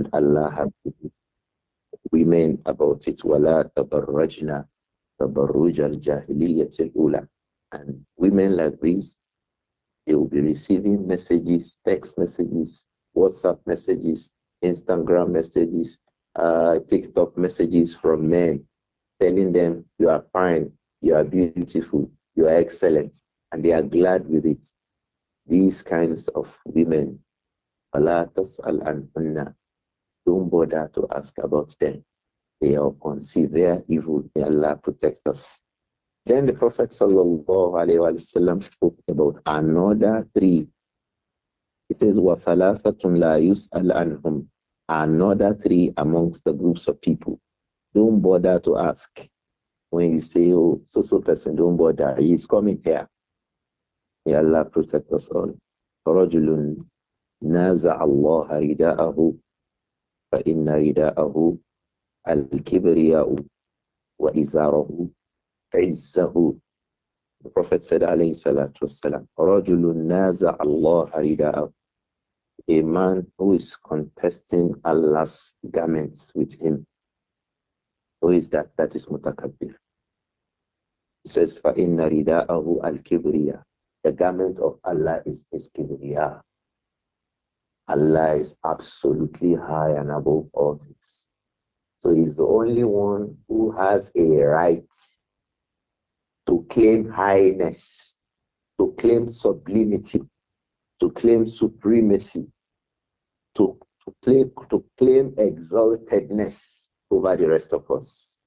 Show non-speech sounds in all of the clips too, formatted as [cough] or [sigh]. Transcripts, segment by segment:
and Allah has women about it. وَلَا تَبَرَّجْنَا تَبَرُّجَ الْجَاهِلِيَّةِ الْأُولَى And women like these, they will be receiving messages, text messages, WhatsApp messages, Instagram messages, uh, TikTok messages from men telling them, you are fine, you are beautiful, you are excellent, and they are glad with it. These kinds of women, Allah al don't bother to ask about them. They are on severe evil. May Allah protect us. Then the Prophet وسلم, spoke about another three. It says, وَثَلَاثَةٌ لَا يُسْأَلْ عَنْهُمْ Another three amongst the groups of people. Don't bother to ask. When you say, oh, so-so person, don't bother. He's coming here. May Allah protect us all. رَجُلٌ نَازَعَ اللَّهَ رِدَاءَهُ فإن رداءه الكبرياء وإزاره عزه The Prophet said عليه الصلاة والسلام رجل نازع الله رداءه A man who is contesting Allah's garments with him. Who is that? That is mutakabbir. He says, فَإِنَّ رِدَاءَهُ الْكِبْرِيَةِ The garment of Allah is his kibriya. Allah is absolutely high and above all things. So he's the only one who has a right to claim highness, to claim sublimity, to claim supremacy, to, to, claim, to claim exaltedness over the rest of us,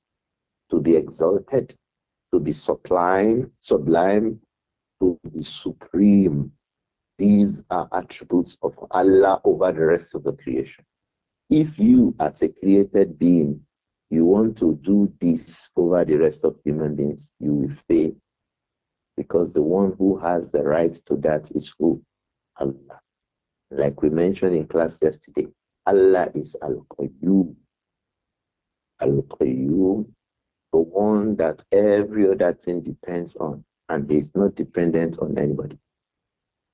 to be exalted, to be sublime, sublime, to be supreme these are attributes of Allah over the rest of the creation. If you, as a created being, you want to do this over the rest of human beings, you will fail. Because the one who has the right to that is who? Allah. Like we mentioned in class yesterday, Allah is Al Qayyum. Al Qayyum, the one that every other thing depends on, and he's is not dependent on anybody.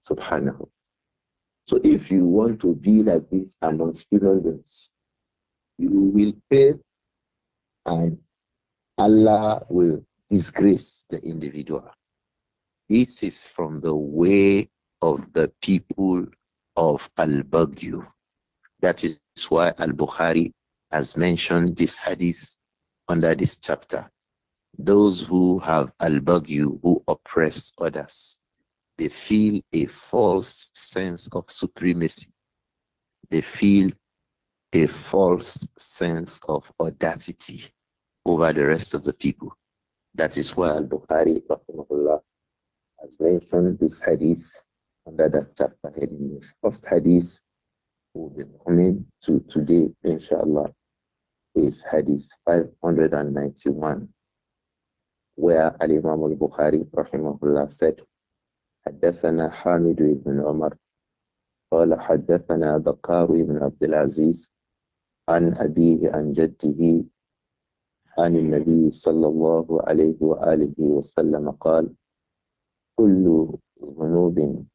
Subhanahu. So if you want to be like this amongst human beings, you will pay and Allah will disgrace the individual. This is from the way of the people of Al-Baghyu. That is why Al-Bukhari has mentioned this hadith under this chapter. Those who have Al-Baghyu, who oppress others. They feel a false sense of supremacy. They feel a false sense of audacity over the rest of the people. That is why Al Bukhari has mentioned this hadith under that chapter heading. First hadith will be coming to today, inshallah, is hadith 591, where Al Imam al Bukhari rahimahullah, said, حدثنا حامد بن عمر قال حدثنا بكار بن عبد العزيز عن أبيه عن جده عن النبي صلى الله عليه وآله وسلم قال كل ذنوب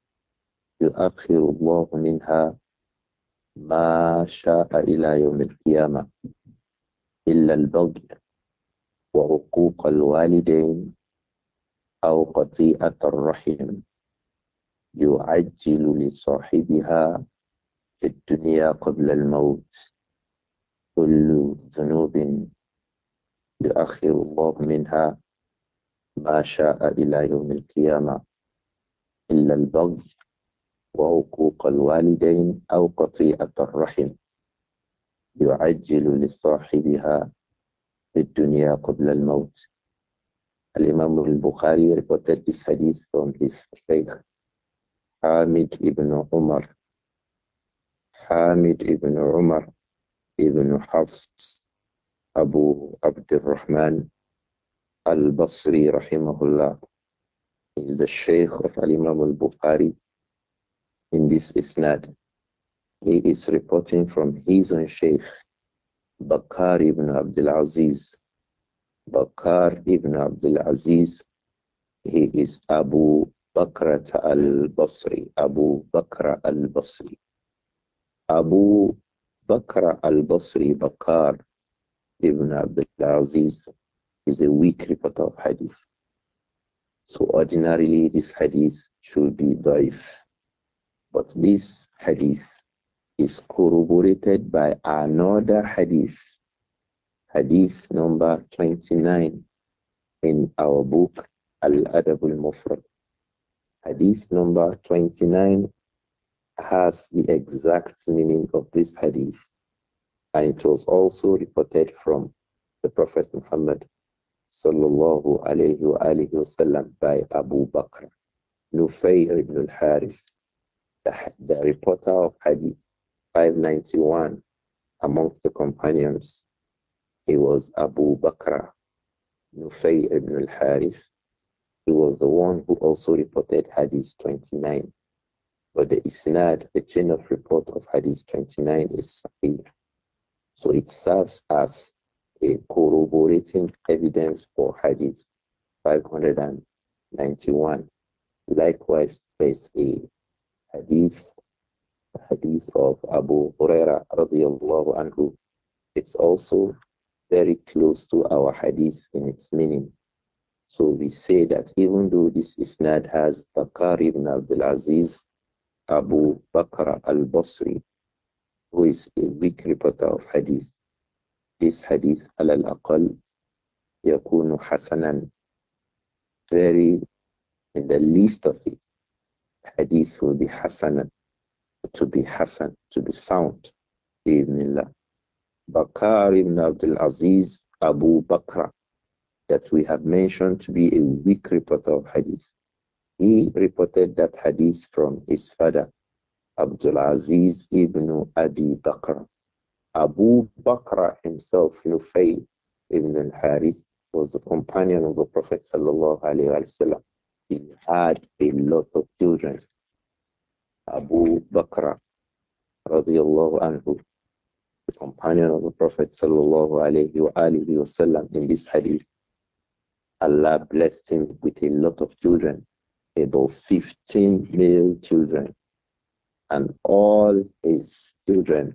يؤخر الله منها ما شاء إلى يوم القيامة إلا البغي وعقوق الوالدين أو قطيئة الرحم يعجل لصاحبها في الدنيا قبل الموت كل ذنوب يؤخر الله منها ما شاء إلى يوم القيامة إلا البغي وعقوق الوالدين أو قطيعة الرحم يعجل لصاحبها في الدنيا قبل الموت الإمام البخاري reported this hadith from his Hamid ibn Umar. Hamid ibn Umar ibn Hafs Abu Abdurrahman al-Basri rahimahullah is the Shaykh of Al-Imam al-Bukhari in this isnad. He is reporting from his own Shaykh Bakar ibn Abdul Aziz. Bakar ibn Abdul Aziz, he is Abu Bakrat al-Basri, Abu Bakr al-Basri. Abu Bakr al-Basri, Bakar ibn Abdul is a weak reporter of hadith. So ordinarily this hadith should be daif. But this hadith is corroborated by another hadith, hadith number 29 in our book Al-Adab al-Mufrad. Hadith number 29 has the exact meaning of this hadith, and it was also reported from the Prophet Muhammad sallallahu alayhi wa alihi wasallam by Abu Bakr Nufayr ibn al-Harith, the, the reporter of hadith 591 amongst the companions. He was Abu Bakr Nufayr ibn al-Harith he was the one who also reported Hadith 29. But the Isnad, the chain of report of Hadith 29 is Sahih. So it serves as a corroborating evidence for Hadith 591. Likewise, there's a Hadith, Hadith of Abu Huraira radiallahu anhu. It's also very close to our Hadith in its meaning. So we say that even though this isnad has Bakar ibn Abdul Aziz Abu Bakr al-Basri, who is a weak reporter of hadith, this hadith al al-aqal yakunu hasanan. Very, in the least of it, hadith will be hasanan, to be hasan, to be sound, bi'idhnillah. Bakar ibn Abdul Aziz Abu Bakr that we have mentioned to be a weak reporter of hadith. He reported that hadith from his father, Abdul Aziz ibn Abi Bakr. Abu Bakr himself, Nufay ibn al-Harith, was the companion of the Prophet sallallahu wasallam. He had a lot of children. Abu Bakr radiallahu anhu, the companion of the Prophet sallallahu wasallam in this hadith, Allah blessed him with a lot of children, about 15 male children. And all his children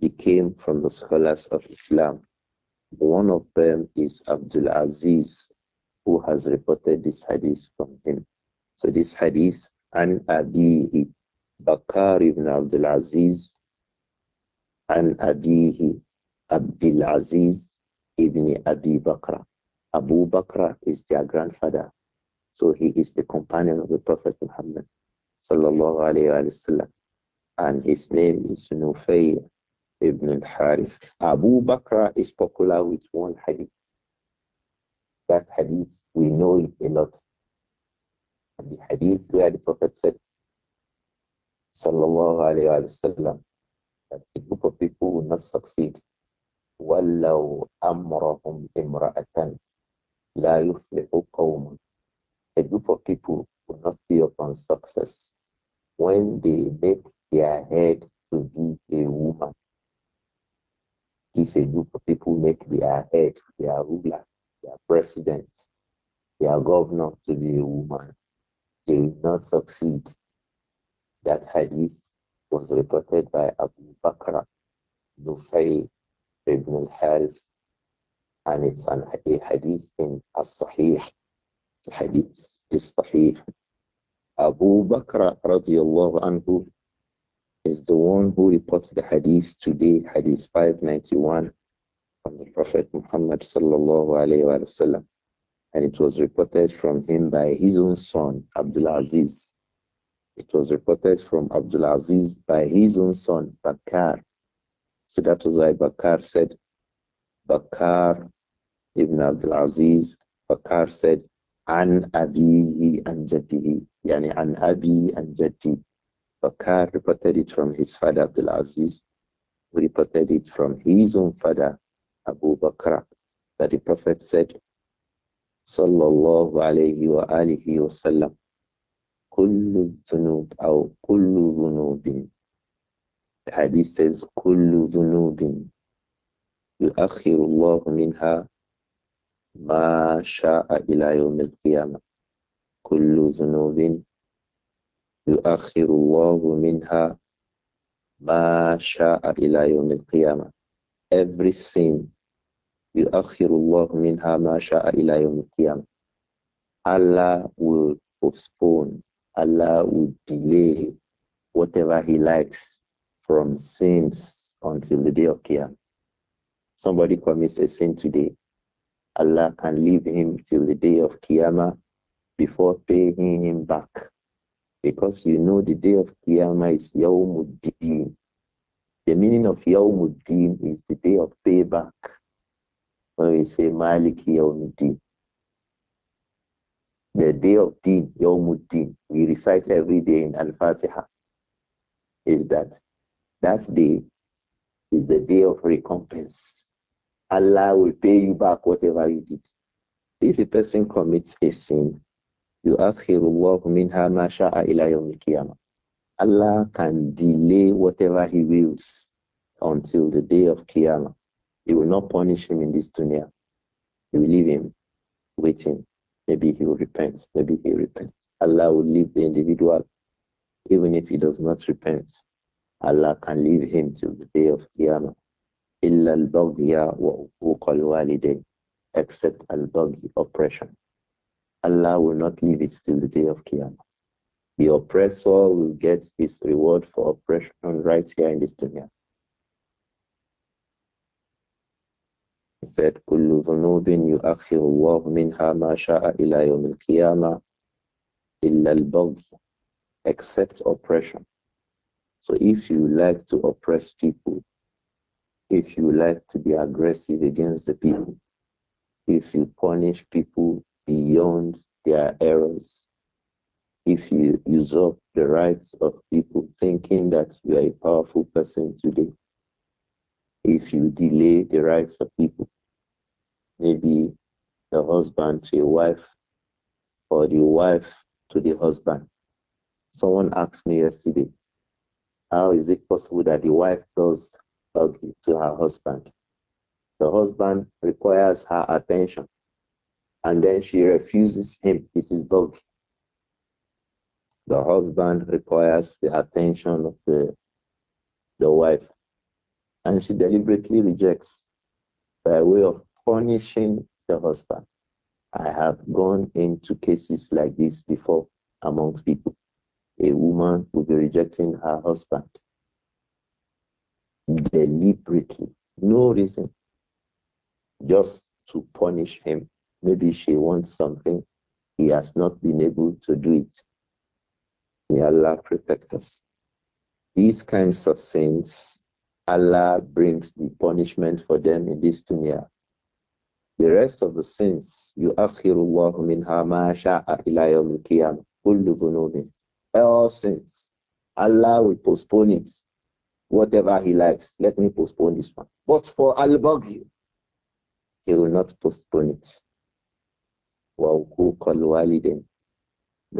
became from the scholars of Islam. One of them is Abdul Aziz, who has reported this hadith from him. So this hadith, an Abihi, Bakar ibn Abdul Aziz, an Abihi, Abdul Aziz ibn Abi Bakr. Abu Bakr is their grandfather. So he is the companion of the Prophet Muhammad. Sallallahu alayhi wa And his name is Nufay ibn al-Harith. Abu Bakr is popular with one hadith. That hadith, we know it a lot. The hadith where the Prophet said, Sallallahu alayhi wa that a group of people will not succeed. وَلَّوْ أَمْرَهُمْ إِمْرَأَةً the yuflihu woman. A group of people will not be upon success when they make their head to be a woman. If a group of people make their head, their ruler, their president, their governor to be a woman, they will not succeed. That hadith was reported by Abu Bakr Nufay ibn al-Harith and it's an, a hadith in As-Sahih. The hadith is Sahih. Abu Bakr radiallahu anhu is the one who reports the hadith today, hadith 591 from the Prophet Muhammad sallallahu alayhi wa sallam. And it was reported from him by his own son, Abdul Aziz. It was reported from Abdul Aziz by his own son, Bakar. So that was why Bakar said, Bakar ibn Abdul Aziz, Bakar said, An Abihi and Jatihi, yani An Abi and Bakar reported it from his father Abdul Aziz, who reported it from his own father Abu Bakr, that the Prophet said, Sallallahu alayhi wa alihi wa sallam, Kullu dhunub aw kullu dhunubin. The hadith says, Kullu dhunubin يؤخر الله منها ما شاء إلى يوم القيامة كل ذنوب يؤخر الله منها ما شاء إلى يوم القيامة every sin يؤخر الله منها ما شاء إلى يوم القيامة Allah will postpone Allah will delay whatever he likes from sins until the day of Qiyamah Somebody commits a sin today. Allah can leave him till the day of Qiyamah before paying him back. Because you know the day of Qiyamah is Yawmuddin. The meaning of Yawmuddin is the day of payback. When we say Maliki Yawmuddin. The day of Deen, Yawmuddin, we recite every day in Al-Fatiha, is that that day is the day of recompense Allah will pay you back whatever you did. If a person commits a sin, you ask him, minha ma sha'a ila Allah can delay whatever he wills until the day of Qiyamah. He will not punish him in this dunya. He will leave him waiting. Maybe he will repent. Maybe he will repent. Allah will leave the individual even if he does not repent. Allah can leave him till the day of Qiyamah. إلا البغي وعقوق الوالدين except al-baghi oppression. Allah will not leave it till the day of Qiyamah. The oppressor will get his reward for oppression right here in this dunya. He said, كل ذنوب يؤخر الله منها ما شاء إلى يوم القيامة إلا البغي except oppression. So if you like to oppress people, if you like to be aggressive against the people, if you punish people beyond their errors, if you usurp the rights of people thinking that you are a powerful person today, if you delay the rights of people, maybe the husband to a wife or the wife to the husband. Someone asked me yesterday, how is it possible that the wife does ugly to her husband. The husband requires her attention and then she refuses him. It is bulky. The husband requires the attention of the, the wife and she deliberately rejects by way of punishing the husband. I have gone into cases like this before amongst people. A woman will be rejecting her husband deliberately. No reason. Just to punish him. Maybe she wants something. He has not been able to do it. May Allah protect us. These kinds of sins, Allah brings the punishment for them in this dunya. The rest of the sins, you ask minha All sins. Allah will postpone it whatever he likes. Let me postpone this one. But for Al Baghi, he will not postpone it. The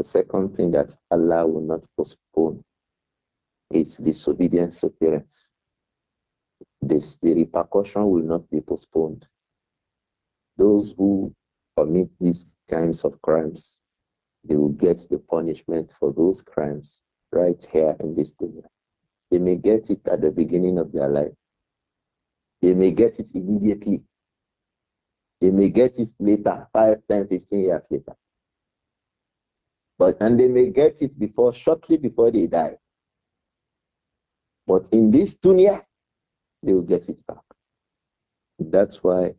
second thing that Allah will not postpone is disobedience to parents. This, the repercussion will not be postponed. Those who commit these kinds of crimes, they will get the punishment for those crimes right here in this dunya. They may get it at the beginning of their life. They may get it immediately. They may get it later, 5, 10, 15 years later. But and they may get it before shortly before they die. But in this tunia, they will get it back. That's why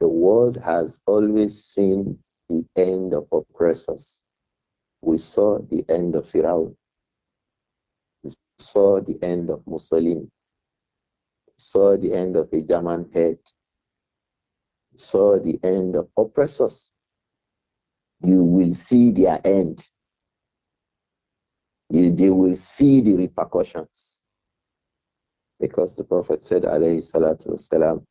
the world has always seen the end of oppressors. We saw the end of Pharaoh saw the end of Mussolini, saw the end of a German head, saw the end of oppressors. You will see their end. You, they will see the repercussions. Because the Prophet said, alayhi salatu wasalam,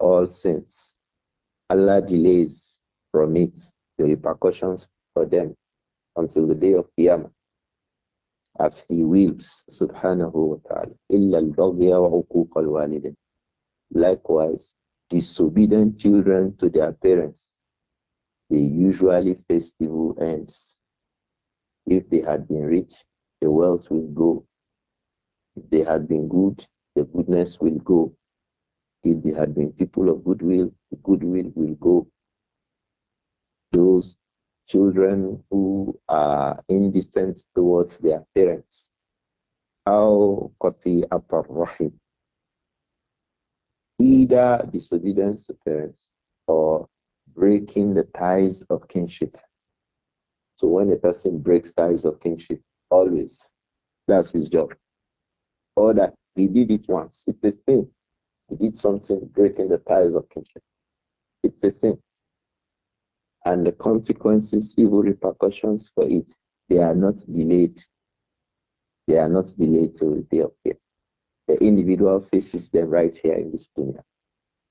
all sins. Allah delays from it the repercussions for them until the day of Qiyamah as he wills subhanahu wa ta'ala illa al wa uquq al likewise disobedient children to their parents they usually festival ends if they had been rich the wealth will go if they had been good the goodness will go if they had been people of goodwill the goodwill will go those children who are indecent towards their parents. How Qati Rahim. Either disobedience to parents or breaking the ties of kinship. So when a person breaks ties of kinship, always that's his job. Or that he did it once. It's a sin. He did something breaking the ties of kinship. It's a sin and the consequences, evil repercussions for it, they are not delayed. They are not delayed to the day of here. The individual faces them right here in this dunya.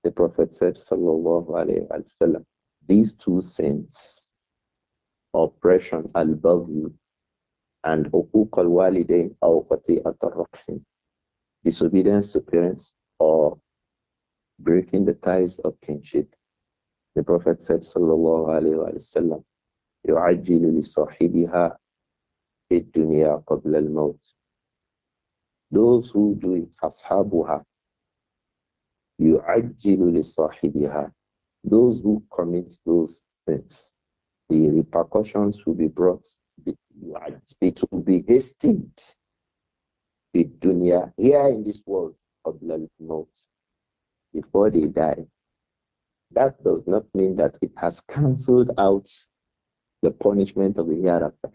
The Prophet said, Sallallahu Alaihi Wasallam, these two sins, oppression al-baghi and uquq al-walidain aw qati'at rahim disobedience to parents or breaking the ties of kinship the Prophet said, Sallallahu Alaihi Wasallam, يعجل لصاحبها dunya الدنيا قبل الموت. Those who do it, أصحابها, يعجل لصاحبها. Those who commit those things, the repercussions will be brought, it will be hastened. The dunya, here in this world, قبل الموت, before they die, that does not mean that it has cancelled out the punishment of the hereafter.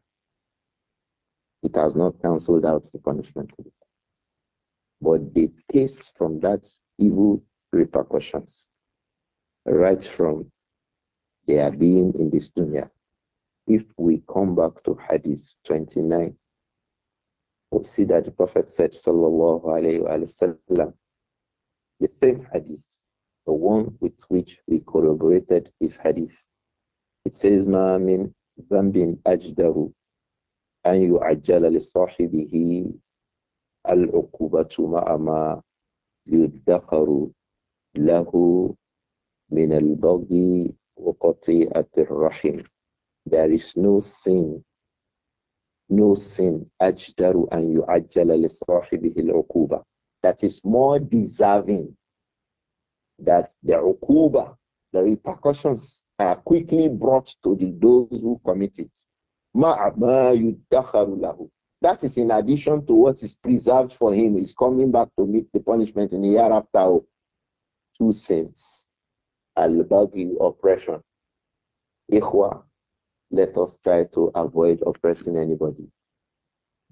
It has not cancelled out the punishment. But the taste from that evil repercussions right from their being in this dunya. If we come back to Hadith 29, we see that the Prophet said, Sallallahu Alaihi Wasallam, wa the same Hadith, the one with which we corroborated is hadith. It says, Ma min dhambin ajdaru an yu'ajjala li al-uqubatu ma'ama yuddakharu lahoo min al-baghi wa qati'ati rahim There is no sin, no sin ajdaru an yu'ajjala li sahibihi al-uqubah. That is more deserving that the ukuba, the repercussions are quickly brought to the, those who commit it. That is in addition to what is preserved for him. He's coming back to meet the punishment in the year after. Two sins. Al-Baghi oppression. Ikhwa, let us try to avoid oppressing anybody.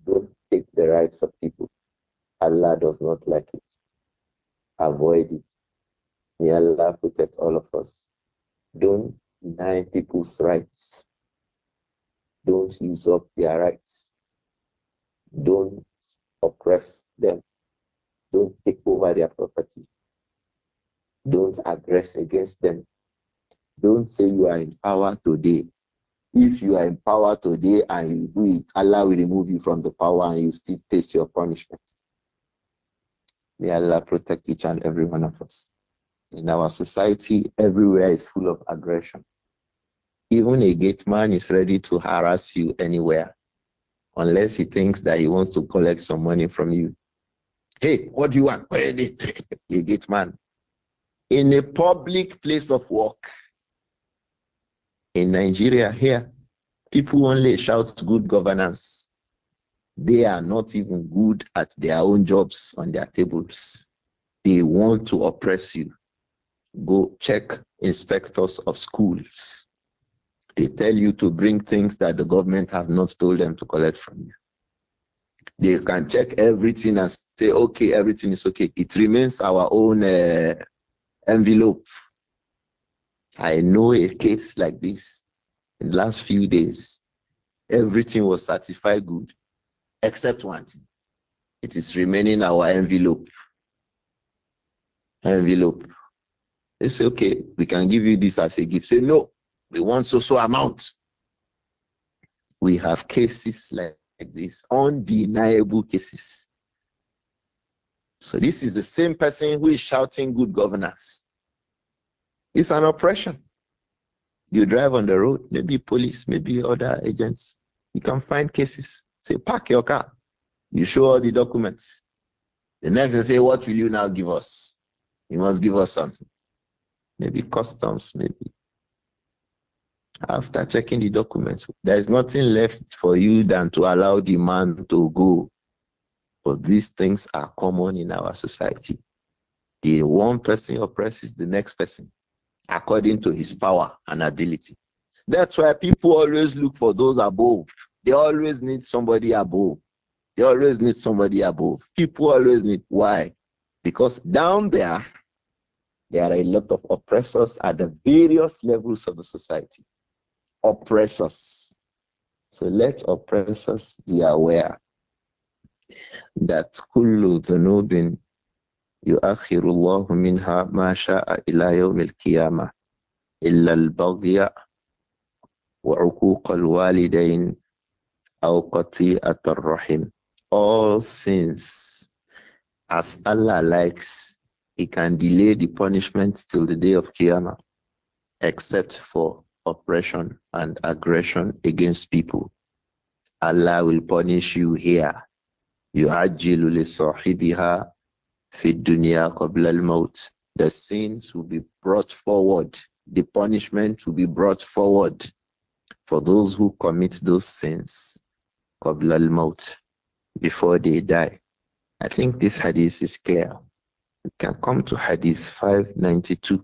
Don't take the rights of people. Allah does not like it. Avoid it. May Allah protect all of us. Don't deny people's rights. Don't use up their rights. Don't oppress them. Don't take over their property. Don't aggress against them. Don't say you are in power today. If you are in power today and you do it, Allah will remove you from the power and you still face your punishment. May Allah protect each and every one of us. In our society, everywhere is full of aggression. Even a gate man is ready to harass you anywhere, unless he thinks that he wants to collect some money from you. Hey, what do you want? Where is [laughs] a gate man. In a public place of work, in Nigeria here, people only shout good governance. They are not even good at their own jobs on their tables. They want to oppress you. Go check inspectors of schools. They tell you to bring things that the government have not told them to collect from you. They can check everything and say, okay, everything is okay. It remains our own uh, envelope. I know a case like this in the last few days. Everything was certified good except one thing. It is remaining our envelope. Envelope. They say, okay, we can give you this as a gift. Say, no, we want so so amount. We have cases like this, undeniable cases. So this is the same person who is shouting good governance. It's an oppression. You drive on the road, maybe police, maybe other agents. You can find cases. Say, park your car. You show all the documents. The next they say, what will you now give us? You must give us something maybe customs, maybe. After checking the documents, there is nothing left for you than to allow the man to go. But these things are common in our society. The one person oppresses the next person according to his power and ability. That's why people always look for those above. They always need somebody above. They always need somebody above. People always need. Why? Because down there, there are a lot of oppressors at the various levels of the society. Oppressors. So let oppressors be aware that kullu dhunubin yu'akhiru minha ma sha'a ila yawm al-qiyamah illa al-baghya wa 'uquq al-walidayn aw qati'at ar-rahim all sins as Allah likes he can delay the punishment till the day of Qiyamah, except for oppression and aggression against people. Allah will punish you here. You يُعَجِّلُ لِصَاحِبِهَا فِي الدُّنْيَا قَبْلَ الْمَوْتِ The sins will be brought forward. The punishment will be brought forward for those who commit those sins قَبْلَ الْمَوْتِ before they die. I think this hadith is clear. We can come to Hadith 592.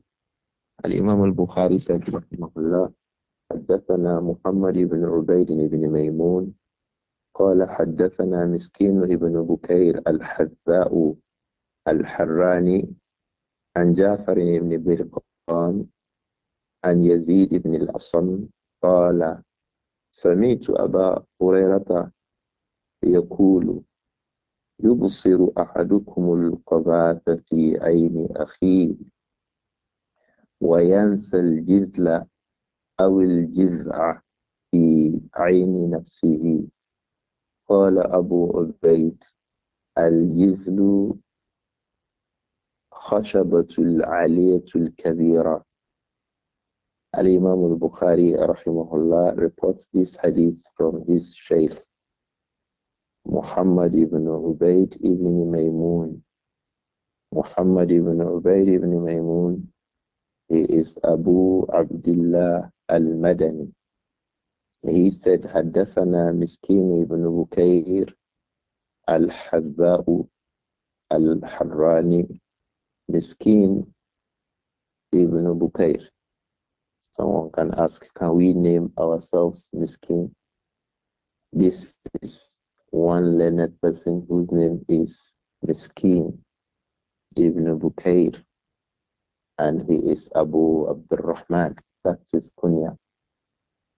Al-Imam al-Bukhari said, Rahimahullah, حدثنا محمد بن عبيد بن ميمون قال حدثنا مسكين بن بكير الحذاء الحراني عن جعفر بن برقان عن يزيد بن الأصم قال سمعت أبا هريرة يقول يبصر أحدكم القباث في عين أخيه وينسى الجذل أو الجذع في عين نفسه قال أبو عبيد الجذل خشبة العالية al البخاري رحمه الله reports this hadith from his Shaykh Muhammad ibn Ubaid ibn Maymun. Muhammad ibn Ubaid ibn Maymun, he is Abu Abdullah al-Madani. He said, حدثنا Miskin ibn al بكير al-Harani. Miskin ibn بكير Someone can ask, can we name ourselves Miskin? This is one learned person whose name is Miskin Ibn Bukair, and he is Abu Abdul Rahman. That's his kunya.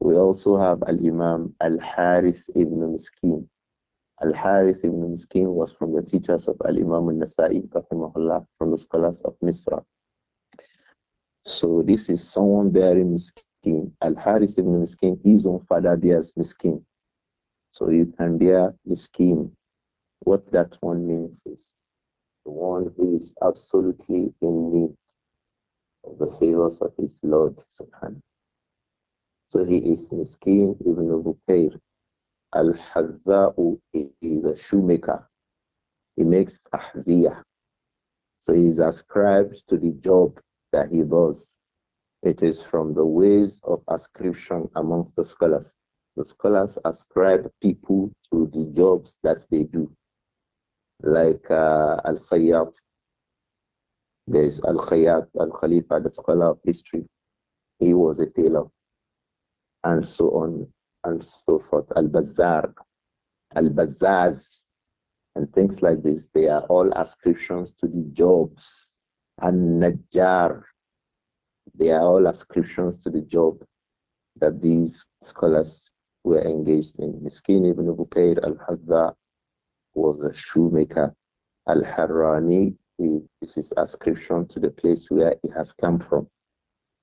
We also have Al Imam Al Harith Ibn Miskin. Al Harith Ibn Miskin was from the teachers of Al Imam Al Nasa'i, rahimahullah, from the scholars of Misra. So this is someone bearing Miskin. Al Harith Ibn Miskin, his own father bears Miskin. So you can bear the scheme. What that one means is the one who is absolutely in need of the favors of his Lord Subhanahu. So he is in scheme ibn Bukair. Al Hazza'u is a shoemaker. He makes ahziya. So he is ascribed to the job that he does. It is from the ways of ascription amongst the scholars. The scholars ascribe people to the jobs that they do. Like uh, Al Khayyat, there's Al Khayyat, Al Khalifa, the scholar of history. He was a tailor. And so on and so forth. Al Bazar, Al Bazaz, and things like this. They are all ascriptions to the jobs. And Najjar, they are all ascriptions to the job that these scholars were engaged in. Miskin ibn Bukayr al-Hadda was a shoemaker. Al-Harrani, this is ascription to the place where it has come from.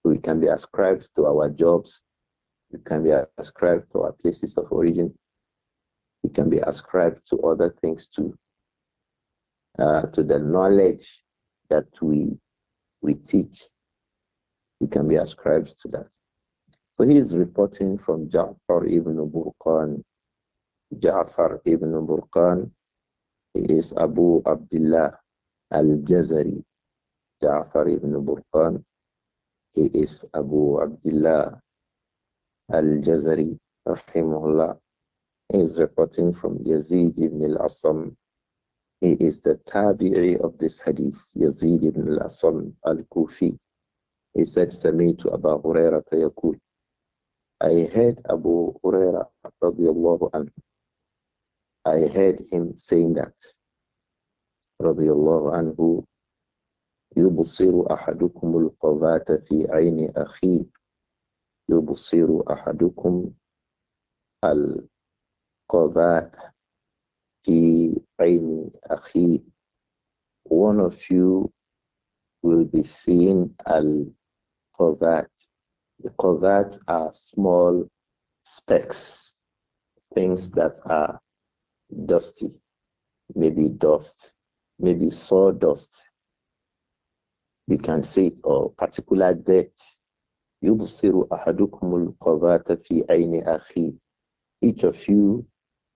We can be ascribed to our jobs. We can be ascribed to our places of origin. We can be ascribed to other things too. Uh, to the knowledge that we we teach, we can be ascribed to that. So he is reporting from Ja'far ibn Burqan. Ja'far ibn Burqan is Abu Abdullah al-Jazari. Ja'far ibn Burqan, he is Abu Abdullah al-Jazari, rahimahullah. He is reporting from Yazid ibn al-Asam. He is the tabi'i of this hadith, Yazid ibn al-Asam al-Kufi. He said, سمعت أبا هريرة يقول I heard Abu Huraira radiallahu anhu. I heard him saying that radiallahu anhu يبصر أحدكم القذاة في عين أخيه يبصر أحدكم القذاة في عين أخيه One of you will be seeing for that. The covert are small specks, things that are dusty, maybe dust, maybe sawdust. You can see it or particular dirt. يبصر أحدكم القذاة في عين أخيه. Each of you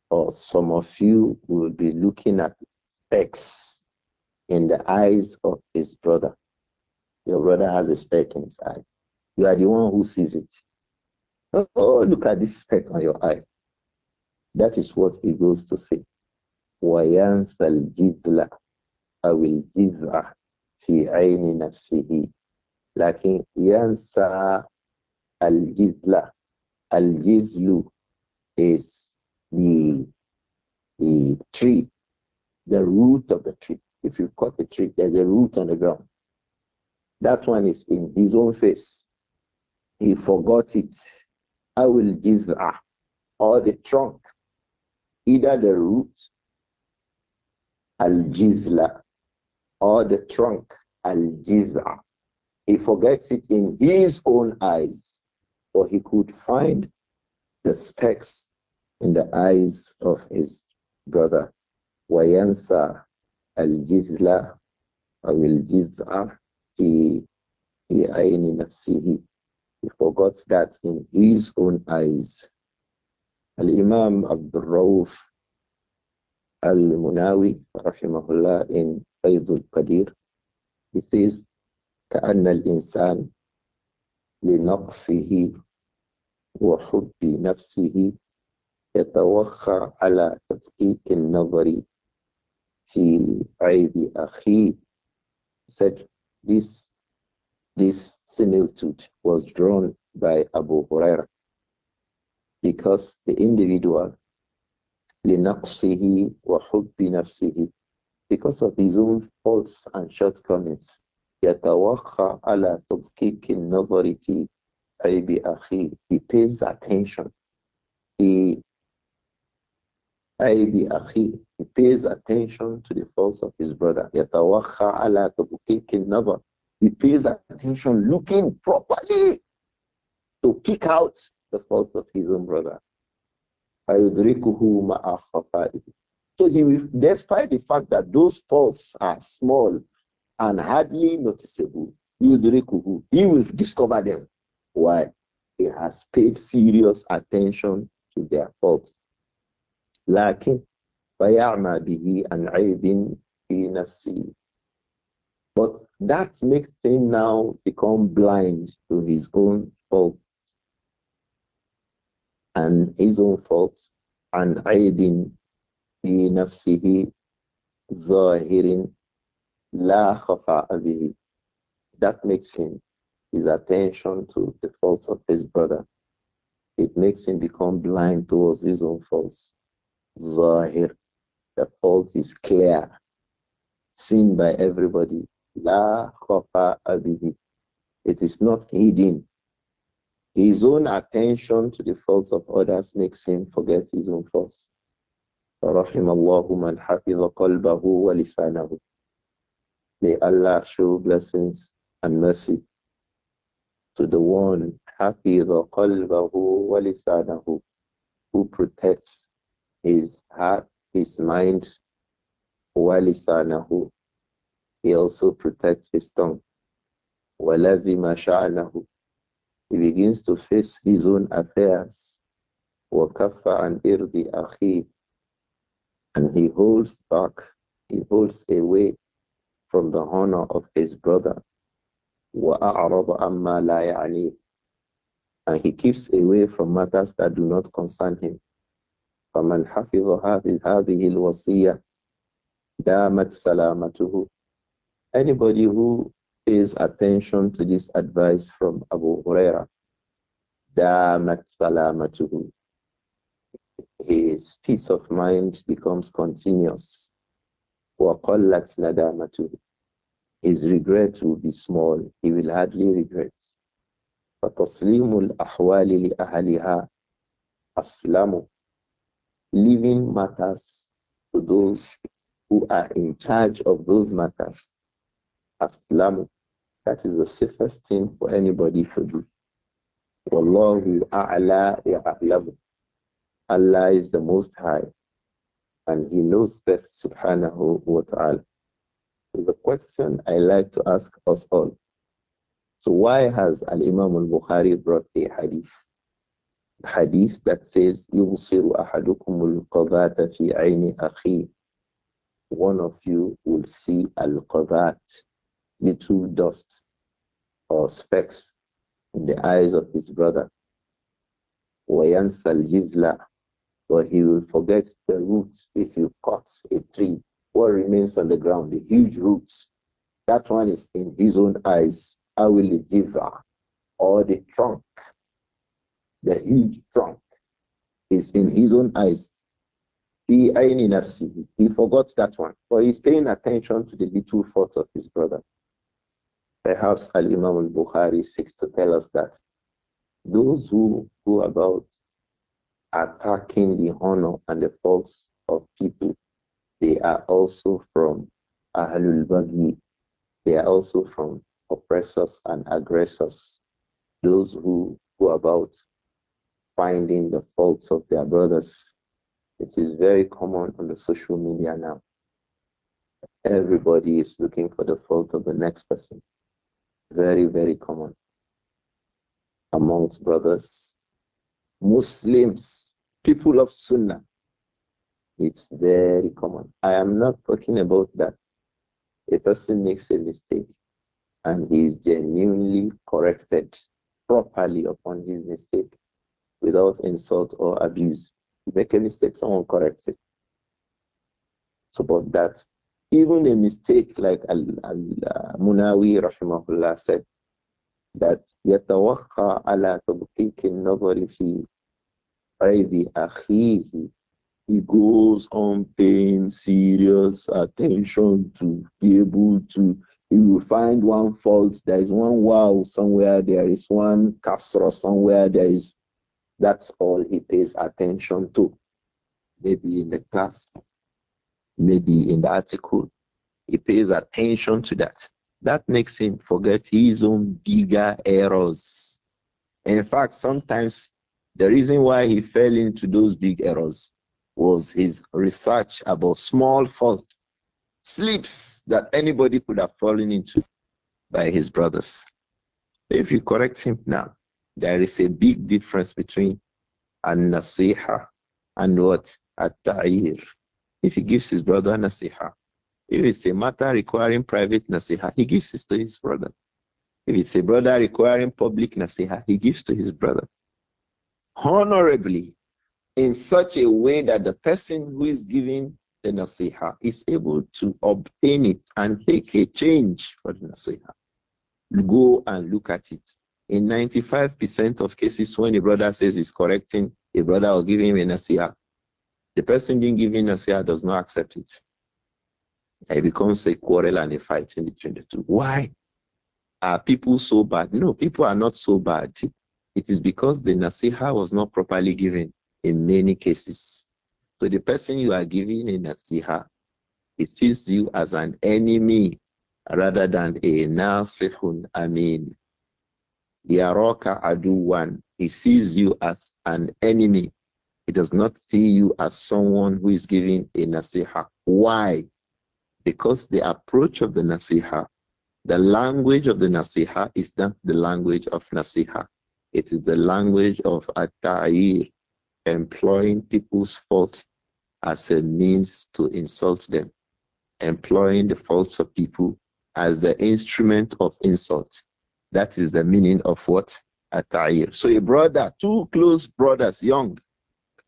or some of you will be looking at specks in the eyes of his brother. Your brother has a speck in his eye. You are the one who sees it. Oh, look at this speck on your eye. That is what he goes to say. وَيَنْسَ الْجِدْلَ al الْجِذْعَ فِي عَيْنِ نَفْسِهِ لكن jidla al jizlu is the the tree the root of the tree if you cut the tree there's a root on the ground that one is in his own face he forgot it. I will give her or the trunk, either the root al-jizla or the trunk al-jizla. He forgets it in his own eyes, or he could find the specks in the eyes of his brother. Wayansa al-jizla or al-jiz'a he aini nafsihi. He forgot that in his own eyes. Al Imam Abdul Rauf Al Munawi, rahimahullah, in Faidul Qadir, he says, كأن الإنسان لنقصه وحب نفسه يتوخى على تدقيق النظر في عيب أخيه. He said, this this similitude was drawn by Abu Huraira because the individual لنقصه وحب نفسه because of his own faults and shortcomings يتوخى على تضكيك النظر في عيب أخيه he pays attention he عيب أخيه to the faults of his brother يتوخى على تضكيك النظر he pays attention, looking properly to pick out the faults of his own brother. So he, will, despite the fact that those faults are small and hardly noticeable, he will discover them. Why? He has paid serious attention to their faults. لكن But that makes him now become blind to his own faults and his own faults and aibin في نفسه ظاهر لا خفاء به. That makes him his attention to the faults of his brother. It makes him become blind towards his own faults. Zahir, the fault is clear, seen by everybody, La abihi. It is not hidden. His own attention to the faults of others makes him forget his own faults. رحم الله من حفظ قلبه ولسانه. May Allah show blessings and mercy to the one حفظ قلبه ولسانه who protects his heart, his mind, ولسانه he also protects his tongue. وَلَذِمَ شَعْنَهُ He begins to face his own affairs. وَكَفَّ عَنْ إِرْضِ And he holds back, he holds away from the honor of his brother. وَأَعْرَضَ عَمَّا لَا And he keeps away from matters that do not concern him. فَمَنْ حَفِظَ هَذِهِ الْوَصِيَّةِ دَامَتْ سَلَامَتُهُ Anybody who pays attention to this advice from Abu Huraira, damat salamatuhu, his peace of mind becomes continuous. وَقَلَّتْ His regret will be small. He will hardly regret. فَتَصْلِيمُ الْأَحْوَالِ لِأَهَلِهَا أَسْلَمُ Leaving matters to those who are in charge of those matters aslamu. That is the safest thing for anybody to do. Wallahu a'la ya'lamu. Allah is the most high and he knows best subhanahu wa ta'ala. So the question I like to ask us all. So why has Al Imam al Bukhari brought a hadith? hadith that says Yusiru ahadukum al fi aini akhi. One of you will see al qadat little dust or specks in the eyes of his brother. Wayansal Hizla, or he will forget the roots if you cut a tree. What remains on the ground, the huge roots, that one is in his own eyes. I will give or the trunk, the huge trunk, is in his own eyes. He forgot that one, but he's paying attention to the little faults of his brother. Perhaps Al Imam al Bukhari seeks to tell us that those who go about attacking the honor and the faults of people, they are also from Ahlul Baghi. They are also from oppressors and aggressors, those who go about finding the faults of their brothers. It is very common on the social media now. Everybody is looking for the fault of the next person. Very, very common amongst brothers, Muslims, people of Sunnah. It's very common. I am not talking about that. A person makes a mistake and he is genuinely corrected properly upon his mistake without insult or abuse. You make a mistake, someone corrects it. So, but that even a mistake like Al, al uh, Munawi rahimahullah said that يتوقع ala تدقيق النظر في عيب أخيه he goes on paying serious attention to be able to he will find one fault there is one wow somewhere there is one kasra somewhere there is that's all he pays attention to maybe in the class maybe in the article. He pays attention to that. That makes him forget his own bigger errors. In fact, sometimes the reason why he fell into those big errors was his research about small faults, slips that anybody could have fallen into by his brothers. If you correct him now, there is a big difference between an nasiha and what? a ta'ir. If he gives his brother nasiha, if it's a matter requiring private nasiha, he gives it to his brother. If it's a brother requiring public nasiha, he gives to his brother. Honorably, in such a way that the person who is giving the nasiha is able to obtain it and take a change for the nasiha. Go and look at it. In 95% of cases, when a brother says he's correcting, a brother will give him a nasiha. The person being given nasiha does not accept it. It becomes a quarrel and a fight in between the two. Why are people so bad? No, people are not so bad. It is because the nasiha was not properly given in many cases. So the person you are giving a nasiha, it sees you as an enemy rather than a nasihun amin. yaroka aduwan, he sees you as an enemy he does not see you as someone who is giving a nasiha. Why? Because the approach of the nasiha, the language of the nasiha is not the language of nasiha. It is the language of atta'ir, employing people's faults as a means to insult them, employing the faults of people as the instrument of insult. That is the meaning of what attire. So a brother, two close brothers, young,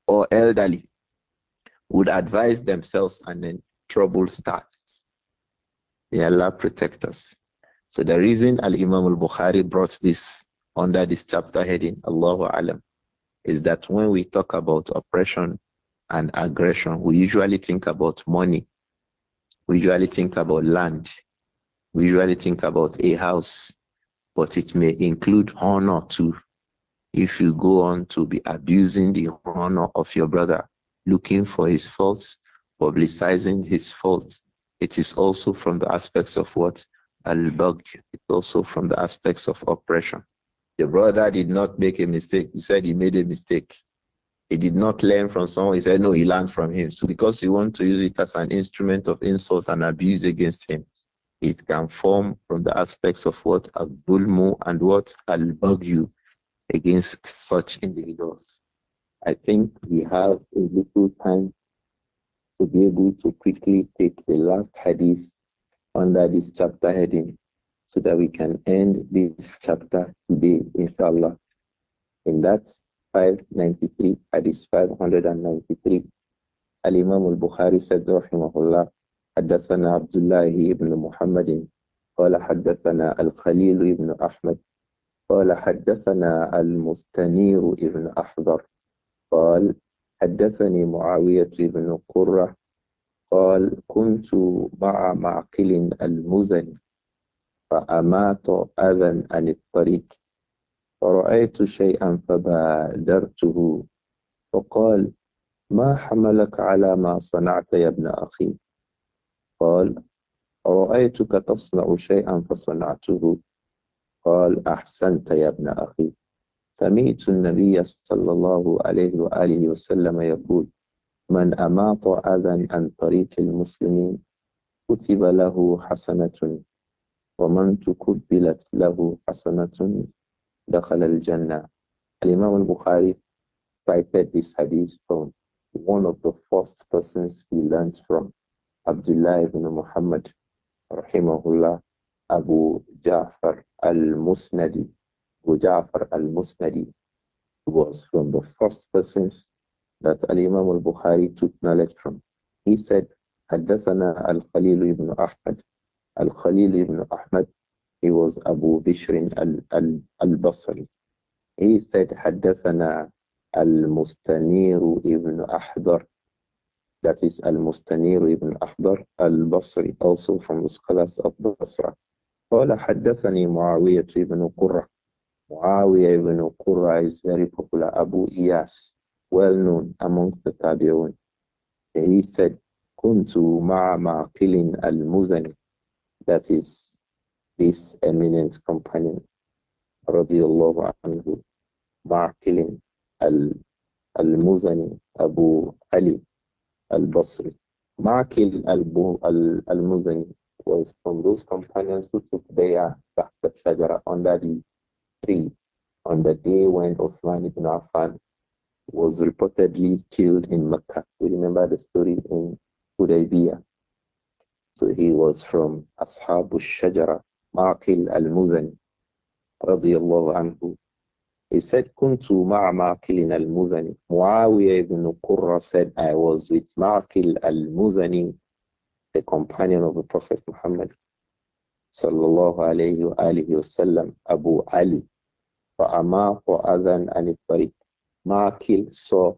or elderly would advise themselves and then trouble starts. May Allah protect us. So the reason Al Imam al Bukhari brought this under this chapter heading, Allahu Alam, is that when we talk about oppression and aggression, we usually think about money, we usually think about land, we usually think about a house, but it may include honor too if you go on to be abusing the honor of your brother, looking for his faults, publicizing his faults, it is also from the aspects of what? Al-Bagh. It's also from the aspects of oppression. The brother did not make a mistake. You said he made a mistake. He did not learn from someone. He said, no, he learned from him. So because you want to use it as an instrument of insult and abuse against him, it can form from the aspects of what? Al-Bulmu and what? Al-Baghu against such individuals. I think we have a little time to be able to quickly take the last hadith under this chapter heading so that we can end this chapter today, inshallah. In that 593, hadith 593, Al-Imam al-Bukhari said, rahimahullah, حدثنا عبد الله بن محمد قال حدثنا الخليل بن أحمد قال حدثنا المستنير ابن أحضر قال حدثني معاوية بن قرة قال كنت مع معقل المزن فأمات أذى عن الطريق فرأيت شيئا فبادرته فقال ما حملك على ما صنعت يا ابن أخي قال رأيتك تصنع شيئا فصنعته قال أحسنت يا ابن أخي سمعت النبي صلى الله عليه وآله وسلم يقول من أماط أذى عن طريق المسلمين كتب له حسنة ومن تقبلت له حسنة دخل الجنة الإمام البخاري cited this hadith from one of the first persons he learned from, Abdullah ibn Muhammad, رحمه الله. Abu Ja'far al-Musnadi. Abu Ja'far al-Musnadi was from the first persons that Al-Imam al-Bukhari took knowledge from. He said, حدثنا الخليل ibn Ahmad. Al-Khalil ibn Ahmad, he was Abu Bishr al-Basri. he said, حدثنا المستنير ibn Ahdar. That is Al-Mustanir ibn Ahdar al-Basri, also from the scholars of Basra. Allah قال حدثني معاوية بن قرة Muawiyah ibn Qurra is very popular. Abu Iyas, well known amongst the Tabi'un. He said, Kuntu ma'a ma'qilin al-muzani. That is this eminent companion, radiallahu anhu, ma'qilin al-muzani, Abu Ali al-Basri. Ma'qil al-muzani was from those companions who took Bayah the Shajara under the tree on the day when Osman ibn Affan was reportedly killed in Mecca. We remember the story in Hudaybiyah. So he was from Ashab al-Shajara, Maqil al-Muzani, radiyallahu anhu. He said, Kuntu ma'a Maqil al-Muzani. Muawiyah ibn Qurra said, I was with Maqil al-Muzani the companion of the Prophet Muhammad sallallahu alayhi wa alihi wasallam, Abu Ali. فَأَمَاقُ أَذَنْ أَنِ الطَّرِيقِ Maqil saw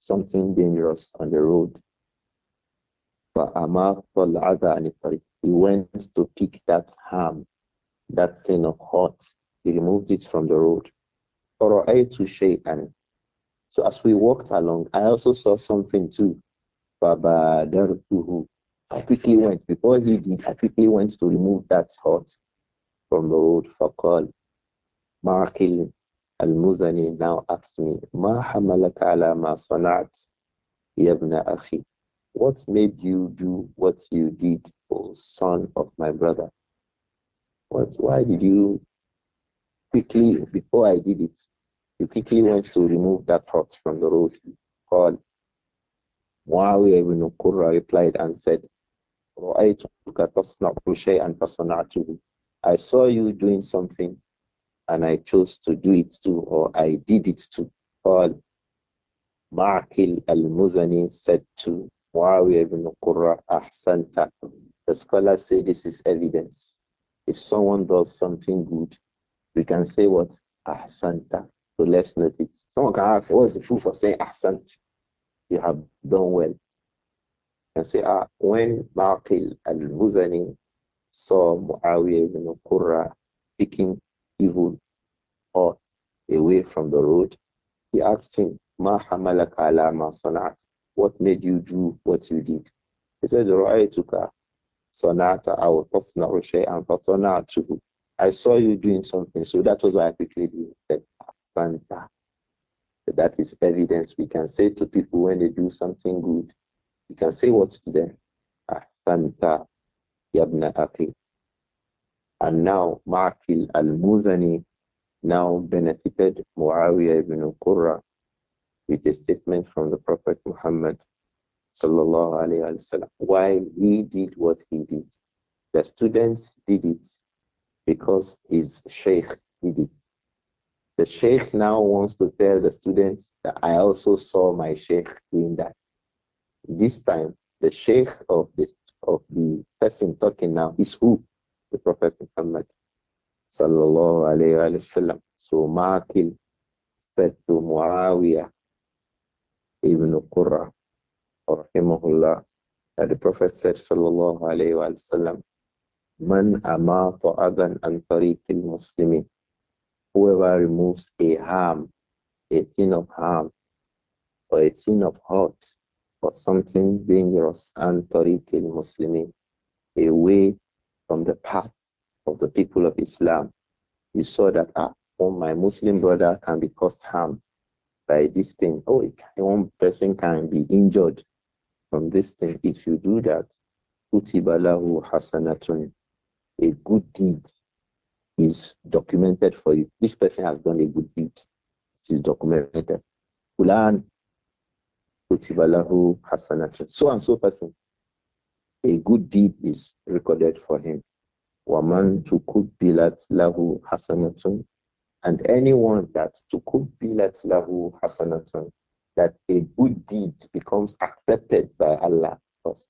something dangerous on the road. فَأَمَاقُ الْعَذَى عَنِ الطَّرِيقِ He went to pick that harm, that thing of hot. He removed it from the road. فَرَأَيْتُ شَيْئًا So as we walked along, I also saw something too. فَبَادَرْتُهُ I quickly went. Before he did, I quickly went to remove that hut from the road for call. Markil al-Muzani now asked me, Ma hamalaka ala ma sana'at, yabna akhi. What made you do what you did, O son of my brother? What, why did you quickly, before I did it, you quickly went to remove that hut from the road? Call. Muawiyah ibn Qurra replied and said, I saw you doing something and I chose to do it too, or I did it too. All Ma'akil al-Muzani said to Muawiyah ibn Qurra Ahsanta. The scholars say this is evidence. If someone does something good, we can say what? Ahsanta. So let's note it. Someone can ask, what is the proof of saying Ahsant? You have done well and say, ah, when Maqil al-Muzani saw Muawiyah ibn Qurra picking evil or away from the road, he asked him, Ma hamalaka ala ma sanat? What made you do what you did? He said, Ra'aytuka sanata aw tasna'u shay'an fatana'tuhu. I saw you doing something, so that was why I quickly did Santa. That is evidence we can say to people when they do something good, you can say what to them? Ahsanta yabna akhi. And now Ma'akil al-Muzani now benefited Muawiyah ibn Qurra with a statement from the Prophet Muhammad sallallahu alayhi wa sallam. Why he did what he did. The students did it because his sheikh did it. The sheikh now wants to tell the students that I also saw my sheikh doing that. This time, the sheikh of the of the person talking now is who? The Prophet Muhammad. Sallallahu alayhi wasallam. So Makil said to Muawiyah ibn Qurra, rahimahullah, that the Prophet said, Sallallahu alayhi wasallam, Man amata adan an tariqil muslimin. Whoever removes a harm, a thing of harm, or a thing of hurt for something dangerous and tariq al-muslimin, away from the path of the people of Islam. You saw that ah, oh, my Muslim brother can be caused harm by this thing. Oh, can, one person can be injured from this thing. If you do that, kutibalahu hasanatun, a good deed is documented for you. This person has done a good deed. It is documented. Fulan Kutibalahu Hasanatun. So and so person. A good deed is recorded for him. Waman bilat lahu hasanatun. And anyone that bilat lahu hasanatun, that a good deed becomes accepted by Allah first.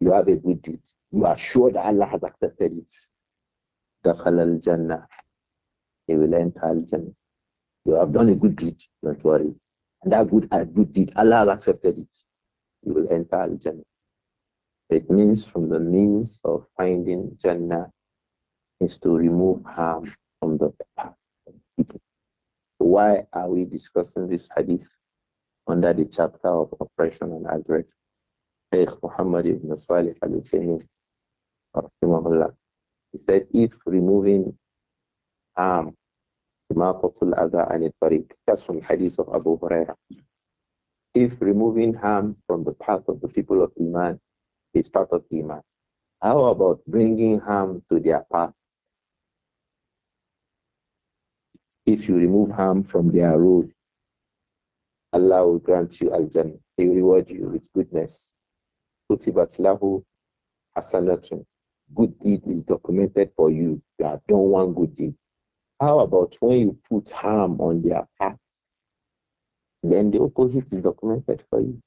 You have a good deed. You are sure that Allah has accepted it. Dakhal al Jannah. He will enter Al Jannah. You have done a good deed. Don't worry. And that good, good deed, Allah has accepted it. You will enter Jannah. It means from the means of finding Jannah is to remove harm from the path of people. Why are we discussing this hadith under the chapter of oppression and aggression? Sheikh Muhammad ibn Salih al-Uthaymeen he said, if removing harm that's from hadith of Abu Huraira. If removing harm from the path of the people of Iman is part of Iman, how about bringing harm to their path? If you remove harm from their road, Allah will grant you al-jannah. He will reward you with goodness. lahu Good deed is documented for you. You have done one good deed. How about when you put harm on their path? Then the opposite is documented for you.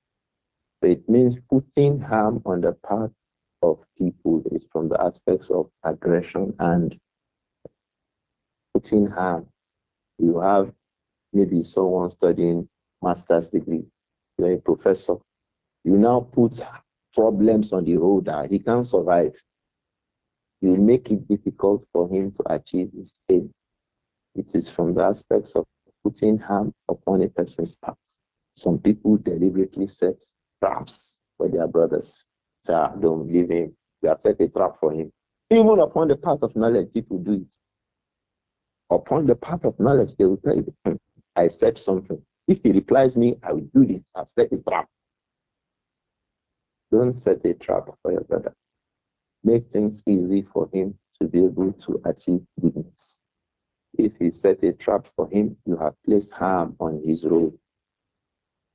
But it means putting harm on the path of people is from the aspects of aggression and putting harm. You have maybe someone studying master's degree, you're a professor. You now put problems on the road that he can't survive. You make it difficult for him to achieve his aim. It is from the aspects of putting harm upon a person's path. Some people deliberately set traps for their brothers. Sir, don't leave him. You have set a trap for him. Even upon the path of knowledge, people do it. Upon the path of knowledge, they will tell you, hmm, I said something. If he replies me, I will do this. I've set a trap. Don't set a trap for your brother. Make things easy for him to be able to achieve goodness. If he set a trap for him, you have placed harm on his road.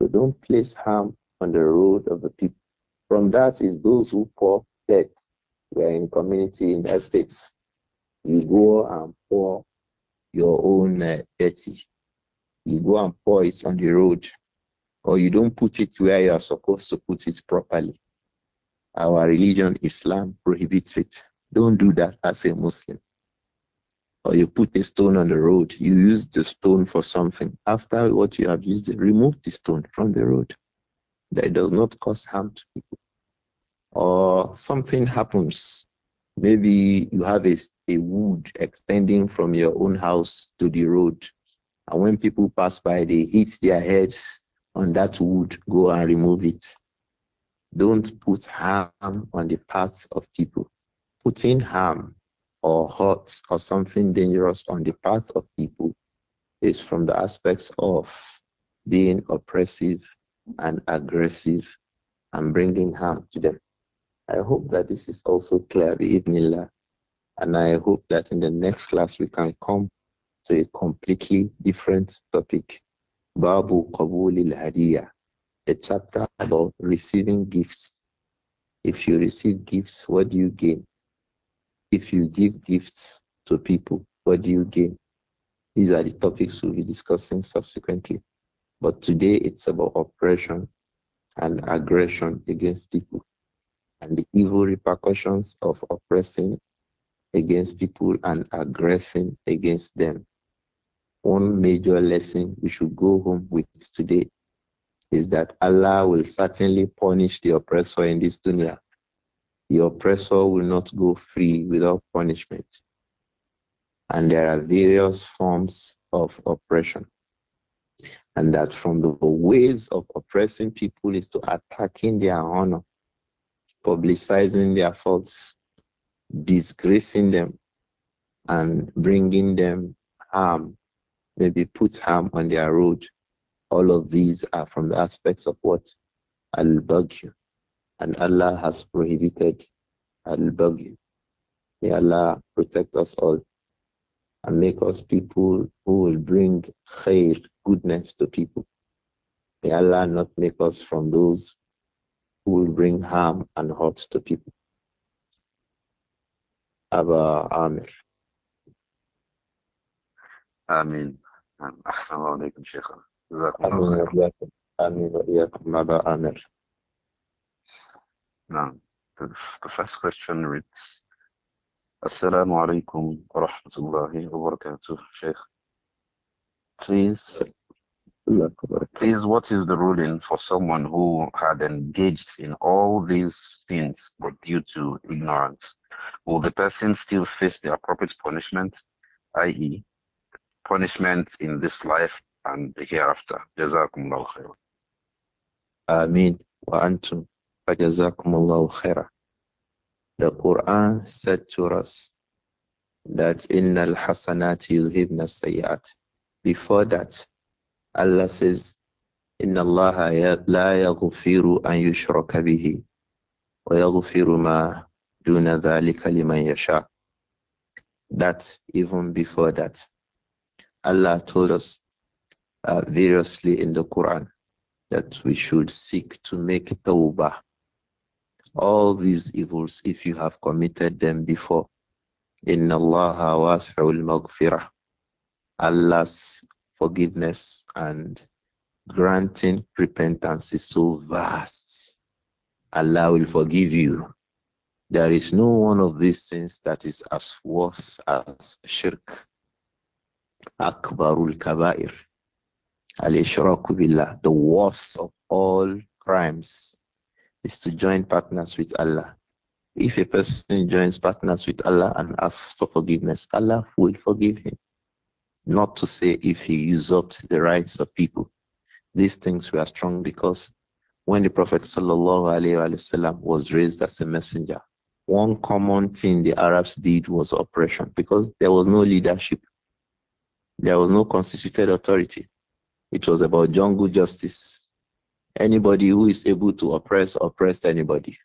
So don't place harm on the road of the people. From that is those who pour debt. We are in community in estates. You go and pour your own uh, dirty. You go and pour it on the road, or you don't put it where you are supposed to put it properly. Our religion, Islam, prohibits it. Don't do that as a Muslim or you put a stone on the road, you use the stone for something. After what you have used, remove the stone from the road. That does not cause harm to people. Or something happens. Maybe you have a, a wood extending from your own house to the road. And when people pass by, they hit their heads on that wood. Go and remove it. Don't put harm on the paths of people. Putting harm or hot, or something dangerous on the path of people is from the aspects of being oppressive and aggressive and bringing harm to them. I hope that this is also clear, Idnillah. And I hope that in the next class we can come to a completely different topic. Babu Qabulil Hadiya, a chapter about receiving gifts. If you receive gifts, what do you gain? If you give gifts to people, what do you gain? These are the topics we'll be discussing subsequently. But today it's about oppression and aggression against people and the evil repercussions of oppressing against people and aggressing against them. One major lesson we should go home with today is that Allah will certainly punish the oppressor in this dunya the oppressor will not go free without punishment. And there are various forms of oppression. And that from the ways of oppressing people is to attacking their honor, publicizing their faults, disgracing them, and bringing them harm, maybe put harm on their road. All of these are from the aspects of what? Al-Baghi, and Allah has prohibited al bagi May Allah protect us all and make us people who will bring khair, goodness to people. May Allah not make us from those who will bring harm and hurt to people. Abba Amir. Amin. أحسن الله نعم the first question reads السلام عليكم ورحمة الله وبركاته شيخ please please what is the ruling for someone who had engaged in all these things but due to ignorance will the person still face the appropriate punishment i.e punishment in this life and the hereafter Jazakumullah khair. خيرا wa antum. The Quran said to us that in innal hasanati yuzhibna sayyat. Before that, Allah says, Inna Allah la yaghfiru an yushraka bihi wa yaghfiru ma duna dhalika liman yasha. That even before that, Allah told us uh, variously in the Quran that we should seek to make tawbah all these evils if you have committed them before. Inna Allah wasi'ul maghfirah. Allah's forgiveness and granting repentance is so vast. Allah will forgive you. There is no one of these sins that is as worse as shirk. Akbarul kabair. Al-Ishraku billah. The worst of all crimes is to join partners with Allah. If a person joins partners with Allah and asks for forgiveness, Allah will forgive him. Not to say if he usurps the rights of people. These things were strong because when the Prophet وسلم, was raised as a messenger, one common thing the Arabs did was oppression because there was no leadership, there was no constituted authority. It was about jungle justice, Anybody who is able to oppress oppressed anybody.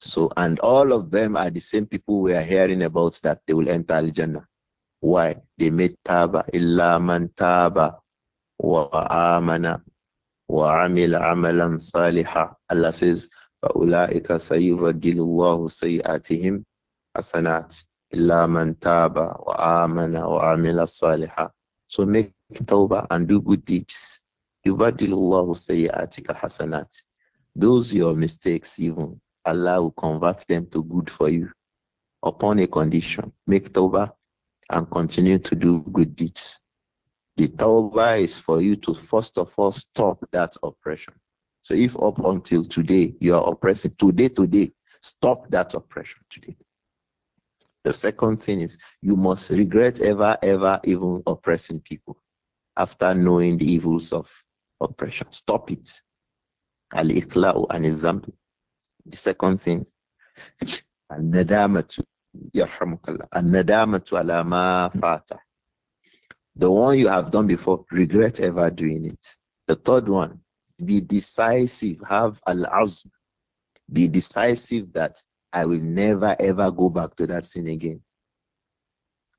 So, and all of them are the same people we are hearing about that they will enter Jannah. Why? They made taba illa man taba wa amana wa amila amalan salihah. Allah says, فَأُولَٰئِكَ سَيُبَدِّلُ اللَّهُ سَيِّئَاتِهِمْ حَسَنَاتٍ إِلَّا wa amana wa وَعَمِلَ صَالِحًا So make tawbah and do good deeds. Yubadilullahu sayyi'atika hasanat. Those your mistakes even, Allah will convert them to good for you upon a condition. Make tawbah and continue to do good deeds. The tawbah is for you to first of all stop that oppression. So if up until today you are oppressing, today, today, stop that oppression today. The second thing is you must regret ever, ever even oppressing people after knowing the evils of oppression. Stop it. Al Iqla'u an example. The second thing, An Nadamatu, Yarhamukallah, An Nadamatu ala ma fata. The one you have done before, regret ever doing it. The third one, be decisive, have al azm. Be decisive that I will never ever go back to that sin again.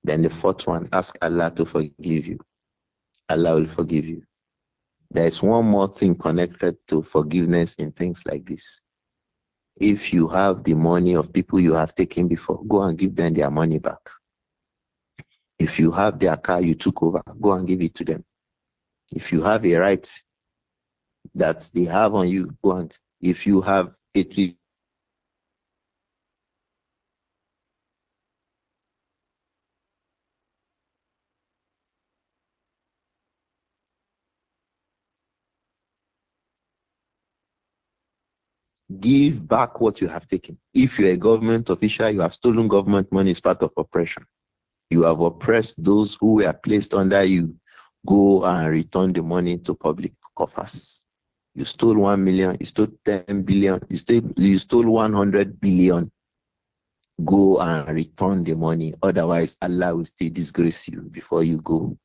Then the fourth one, ask Allah to forgive you. Allah will forgive you. There is one more thing connected to forgiveness in things like this. If you have the money of people you have taken before, go and give them their money back. If you have their car you took over, go and give it to them. If you have a right that they have on you, go and if you have a give back what you have taken. If you're a government official, you have stolen government money as part of oppression. You have oppressed those who were placed under you. Go and return the money to public coffers. You stole 1 million, you stole 10 billion, you stole, you stole 100 billion. Go and return the money. Otherwise, Allah will still disgrace you before you go.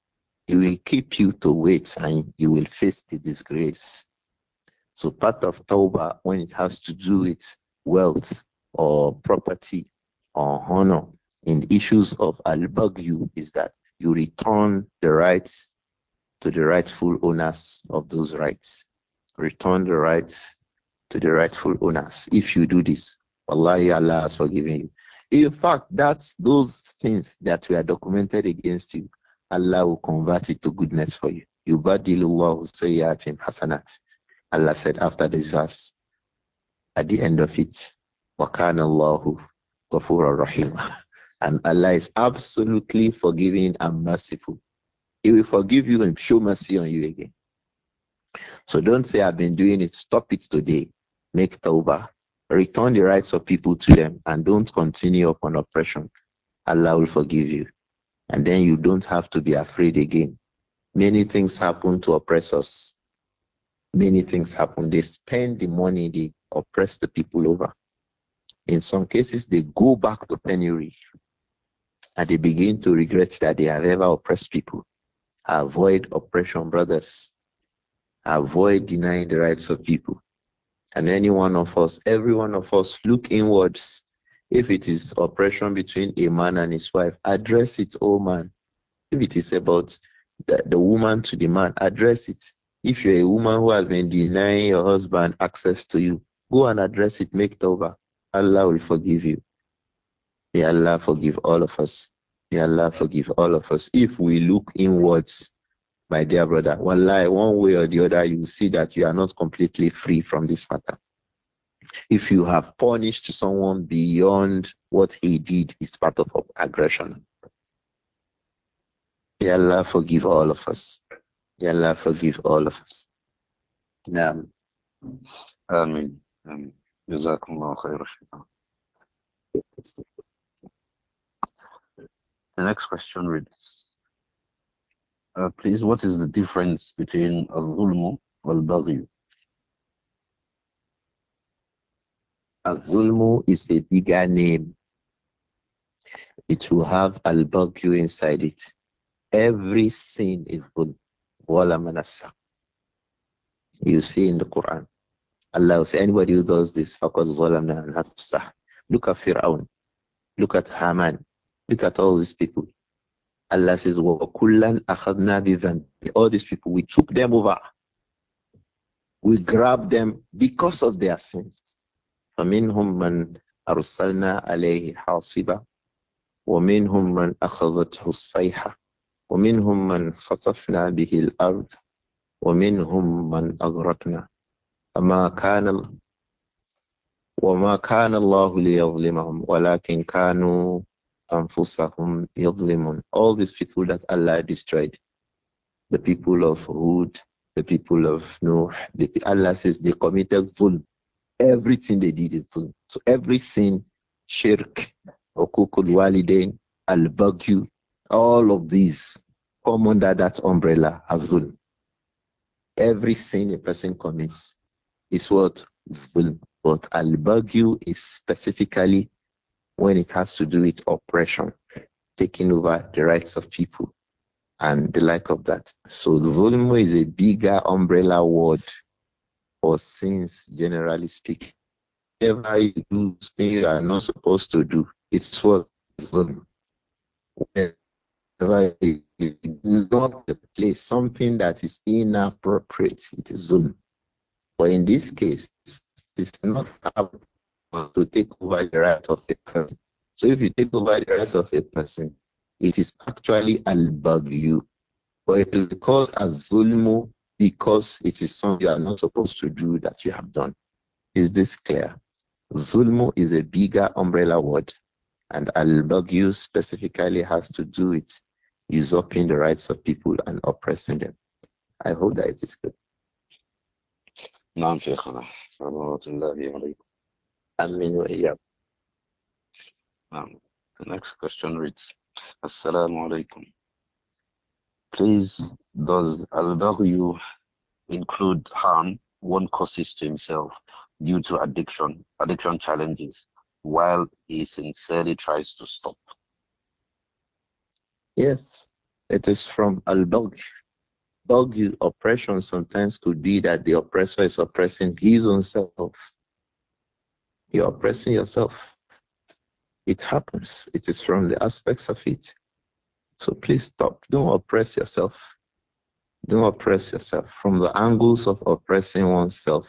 He will keep you to wait and you will face the disgrace. So part of tawbah, when it has to do with wealth or property or honor in issues of al is that you return the rights to the rightful owners of those rights. Return the rights to the rightful owners. If you do this, Allah has forgiven you. In fact, that's those things that were documented against you. Allah will convert it to goodness for you. You Yubadilullahu sayyatim hasanat. Allah said after this verse, at the end of it, وَكَانَ اللَّهُ غَفُورًا رَحِيمًا And Allah is absolutely forgiving and merciful. He will forgive you and show mercy on you again. So don't say, I've been doing it. Stop it today. Make tawbah. Return the rights of people to them and don't continue upon oppression. Allah will forgive you. And then you don't have to be afraid again. Many things happen to oppress us. Many things happen. They spend the money they oppress the people over. In some cases, they go back to penury and they begin to regret that they have ever oppressed people. Avoid oppression, brothers. Avoid denying the rights of people. And any one of us, every one of us, look inwards. If it is oppression between a man and his wife, address it, oh man. If it is about the, the woman to the man, address it. If you're a woman who has been denying your husband access to you, go and address it, make it over. Allah will forgive you. May Allah forgive all of us. May Allah forgive all of us. If we look inwards, my dear brother, one lie, one way or the other, you see that you are not completely free from this matter. If you have punished someone beyond what he did, it's part of aggression. May Allah forgive all of us. Yalla Allah forgive all of us. Naam. Ameen. The next question reads uh, Please, what is the difference between al-zulmu wal-baghi? Al-zulmu is a bigger name. It will have al-baghi inside it. Every sin is good. ظلم manafsa. you see in the Quran Allah says anybody who does this فقد ظلم نفسه look at Fir'aun look at Haman look at all these people Allah says وَكُلًّا أَخَذْنَا بِذَنْبِ all these people we took them over we grabbed them because of their sins فمنهم من أرسلنا عليه حاصبا ومنهم من أخذته الصيحة ومنهم من خصفنا به الأرض ومنهم من أغرقنا أما كان وما كان الله ليظلمهم ولكن كانوا أنفسهم يظلمون all these people that Allah destroyed the people of Hud the people of Noah Allah says they committed zulm everything they did is zulm so every sin shirk ukukul walidain al-bagyu all of these come under that umbrella of zulm. Every sin a person commits is what zulm. But al you is specifically when it has to do with oppression, taking over the rights of people and the like of that. So zulm is a bigger umbrella word for sins, generally speaking. Whenever you do things you are not supposed to do, it's what zulm. Right. You do not place, something that is inappropriate. It is Zoom. But in this case, it's not to take over the rights of a person. So if you take over the rights of a person, it is actually al you. But it is called as zulmu because it is something you are not supposed to do that you have done. Is this clear? Zulmu is a bigger umbrella word, and al specifically has to do with usurping the rights of people and oppressing them. I hope that it is good. نعم شيخنا صلوات الله عليكم أمين نعم The next question reads Assalamu alaikum Please does al-baghyu include harm one causes to himself due to addiction, addiction challenges, while he sincerely tries to stop. Yes, it is from al bagh Bagh oppression sometimes could be that the oppressor is oppressing his own self. You're oppressing yourself. It happens. It is from the aspects of it. So please stop. Don't oppress yourself. Don't oppress yourself. From the angles of oppressing oneself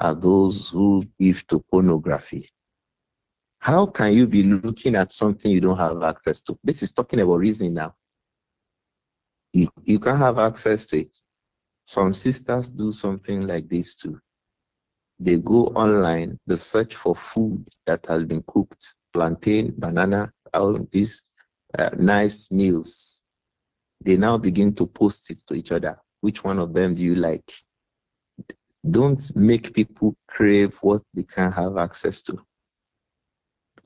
are those who give to pornography. How can you be looking at something you don't have access to? This is talking about reasoning now. You, you can have access to it. Some sisters do something like this too. They go online, they search for food that has been cooked, plantain, banana, all these uh, nice meals. They now begin to post it to each other. Which one of them do you like? Don't make people crave what they can't have access to.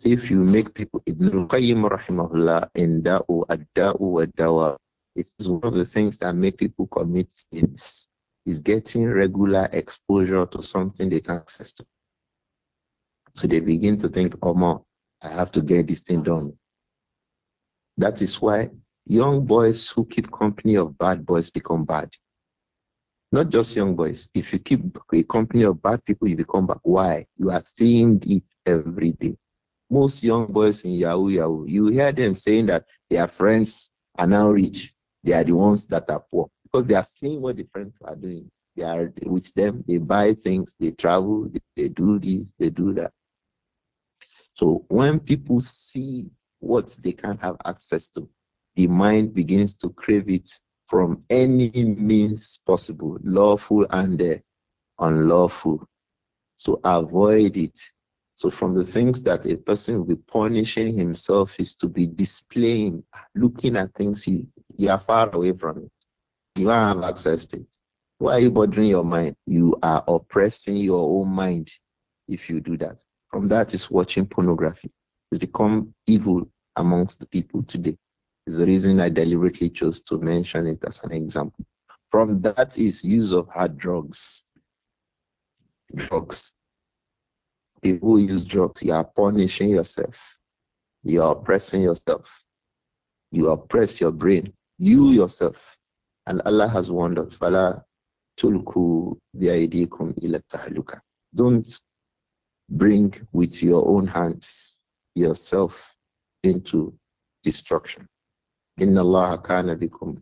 If you make people Ibn qayyim rahimahullah in da'u ad-da'u dawa, it is one of the things that make people commit sins is getting regular exposure to something they can access to. So they begin to think, oh, more, I have to get this thing done. That is why young boys who keep company of bad boys become bad. Not just young boys. If you keep a company of bad people, you become bad. Why? You are seeing it every day most young boys in Yahoo Yahoo, you hear them saying that their friends are now rich. They are the ones that are poor because they are seeing what the friends are doing. They are with them, they buy things, they travel, they, they do this, they do that. So when people see what they can't have access to, the mind begins to crave it from any means possible, lawful and uh, unlawful. So avoid it. So, from the things that a person will be punishing himself is to be displaying, looking at things he, you are far away from it. You don't have access to it. Why are you bothering your mind? You are oppressing your own mind if you do that. From that is watching pornography. It's become evil amongst the people today. Is the reason I deliberately chose to mention it as an example. From that is use of hard drugs. Drugs people who use drugs, you are punishing yourself. You are oppressing yourself. You oppress your brain. You yourself. And Allah has warned us, Fala tulku biaidikum ila tahluka. Don't bring with your own hands yourself into destruction. Inna Allah kana bikum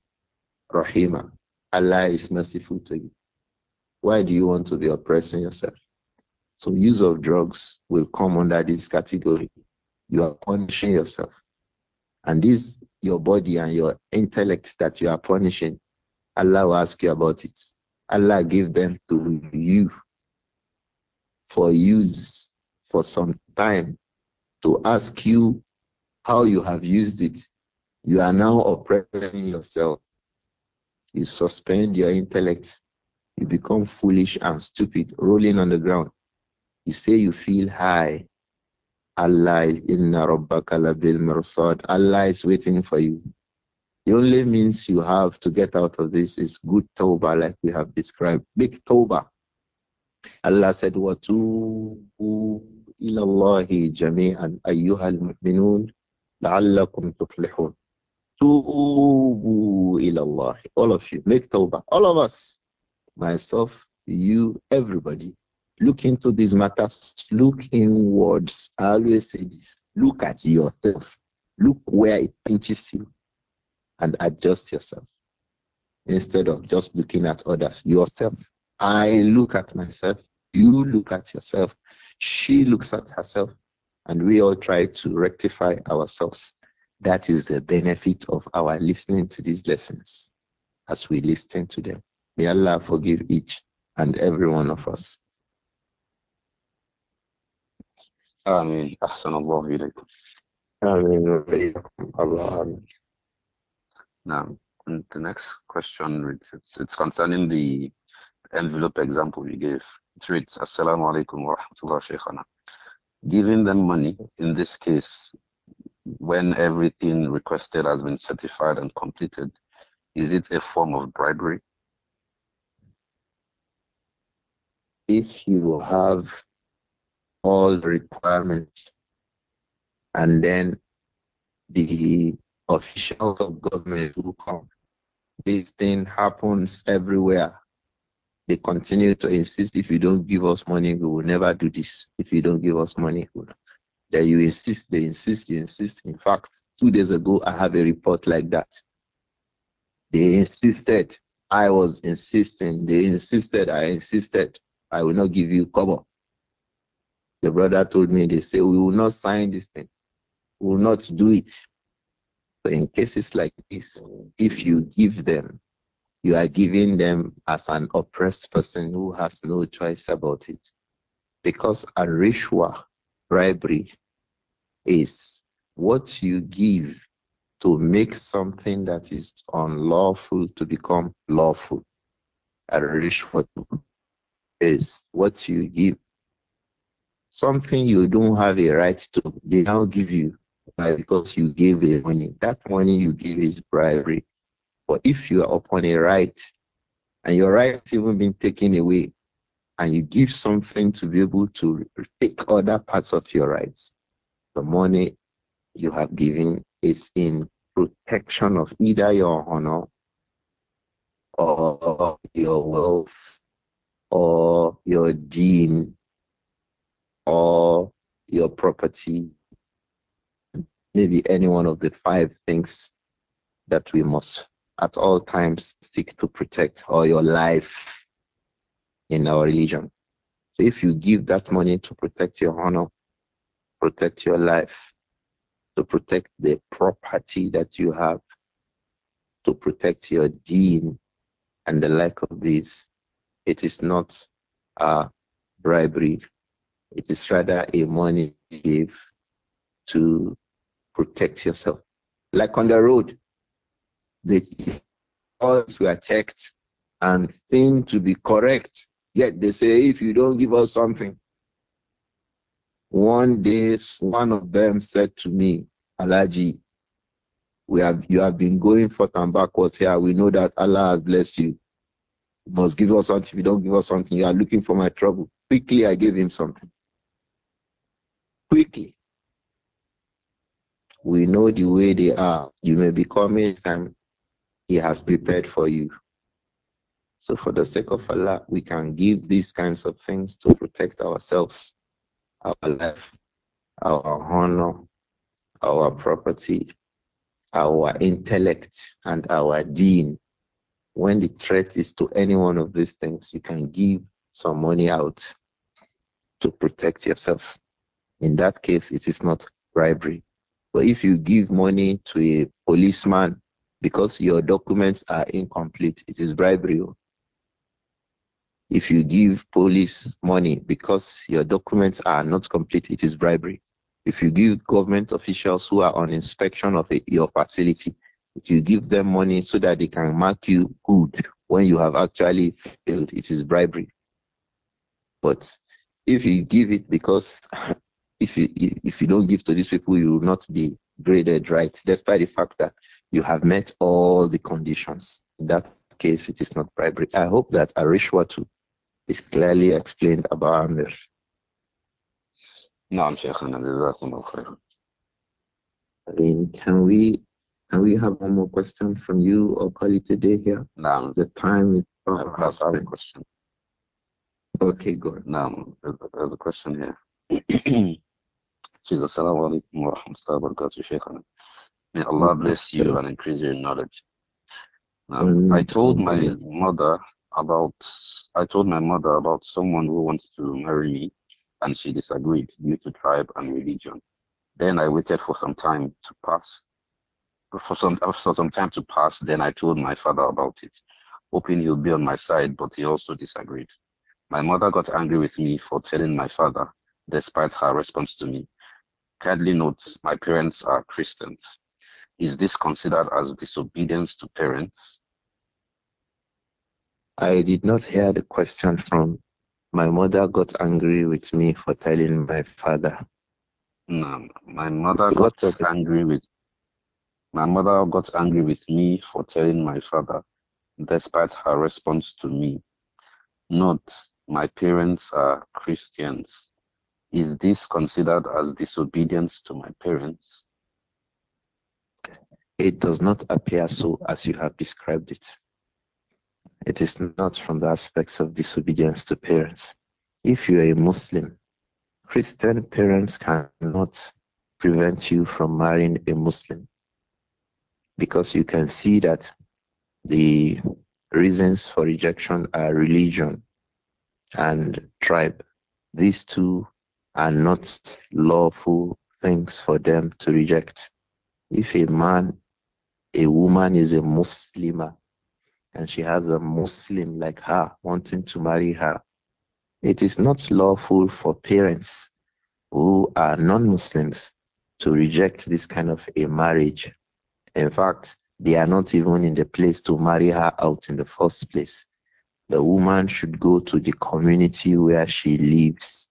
rahima. Allah is merciful to you. Why do you want to be oppressing yourself? So use of drugs will come under this category. You are punishing yourself. And this your body and your intellect that you are punishing, Allah will ask you about it. Allah give them to you for use for some time to ask you how you have used it. You are now oppressing yourself. You suspend your intellect. You become foolish and stupid, rolling on the ground. You say you feel high. Allah inna rabbaka labil mirsad. Allah is waiting for you. The only means you have to get out of this is good tawbah, like we have described. Big tawbah. Allah said, وَتُوبُوا إِلَى اللَّهِ جَمِيعًا أَيُّهَا الْمُؤْمِنُونَ لَعَلَّكُمْ تُفْلِحُونَ Tubu ilallah. All of you, make tawbah. All of us, myself, you, everybody, Look into these matters. Look inwards. I always say this. Look at yourself. Look where it pinches you and adjust yourself instead of just looking at others. Yourself. I look at myself. You look at yourself. She looks at herself. And we all try to rectify ourselves. That is the benefit of our listening to these lessons as we listen to them. May Allah forgive each and every one of us. آمين أحسن الله إليك. آمين الله آمين نعم and the next question reads it's, it's concerning the envelope example you gave. It reads Assalamu alaikum wa rahmatullah shaykhana. Giving them money in this case when everything requested has been certified and completed, is it a form of bribery? If you have all the requirements. And then the officials of government will come. This thing happens everywhere. They continue to insist if you don't give us money, we will never do this. If you don't give us money, we will Then you insist, they insist, you insist. In fact, two days ago, I have a report like that. They insisted. I was insisting. They insisted. I insisted. I will not give you cover. The brother told me, they say, we will not sign this thing. We will not do it. So in cases like this, if you give them, you are giving them as an oppressed person who has no choice about it. Because a rishwa, bribery, is what you give to make something that is unlawful to become lawful. A rishwa is what you give Something you don't have a right to, they now give you because you gave a money. That money you give is bribery. But if you are upon a right and your right even been taken away, and you give something to be able to take other parts of your rights, the money you have given is in protection of either your honor or your wealth or your dean or your property, maybe any one of the five things that we must at all times seek to protect, or your life in our religion. So if you give that money to protect your honor, protect your life, to protect the property that you have, to protect your deed and the like of these, it is not a bribery it is rather a money give to protect yourself. Like on the road, the laws were checked and seen to be correct. Yet they say, if you don't give us something, one day one of them said to me, Alaji, we have you have been going forth and backwards here. We know that Allah has blessed you. You must give us something. If you don't give us something, you are looking for my trouble. Quickly I gave him something quickly. We know the way they are. You may be coming time He has prepared for you. So, for the sake of Allah, we can give these kinds of things to protect ourselves, our life, our honor, our property, our intellect, and our deen. When the threat is to any one of these things, you can give some money out to protect yourself. In that case, it is not bribery. But if you give money to a policeman because your documents are incomplete, it is bribery. Oh. If you give police money because your documents are not complete, it is bribery. If you give government officials who are on inspection of a, your facility, if you give them money so that they can mark you good when you have actually failed, it is bribery. But if you give it because [laughs] If you if, you don't give to these people, you will not be graded right, despite the fact that you have met all the conditions. In that case, it is not bribery. I hope that Arishwatu is clearly explained about Amir. نعم شيخنا جزاكم I mean, Can we can we have one more question from you or call it a day here? No, The time is past. I have a question. Okay, good. Now, there's a question here. [clears throat] says, Assalamu alaikum wa rahmatullahi wa barakatuh, May Allah mm-hmm. bless you and increase your knowledge. Um, I told my mother about I told my mother about someone who wants to marry me, and she disagreed due to tribe and religion. Then I waited for some time to pass. For some after some time to pass, then I told my father about it, hoping he'll be on my side, but he also disagreed. My mother got angry with me for telling my father, despite her response to me. Kindly note, my parents are Christians. Is this considered as disobedience to parents? I did not hear the question from my mother got angry with me for telling my father. No, my mother got angry with my mother got angry with me for telling my father, despite her response to me. Note, my parents are Christians. Is this considered as disobedience to my parents? It does not appear so as you have described it. It is not from the aspects of disobedience to parents. If you are a Muslim, Christian parents cannot prevent you from marrying a Muslim because you can see that the reasons for rejection are religion and tribe. These two are not lawful things for them to reject. If a man, a woman is a Muslimah and she has a Muslim like her wanting to marry her, it is not lawful for parents who are non Muslims to reject this kind of a marriage. In fact, they are not even in the place to marry her out in the first place. The woman should go to the community where she lives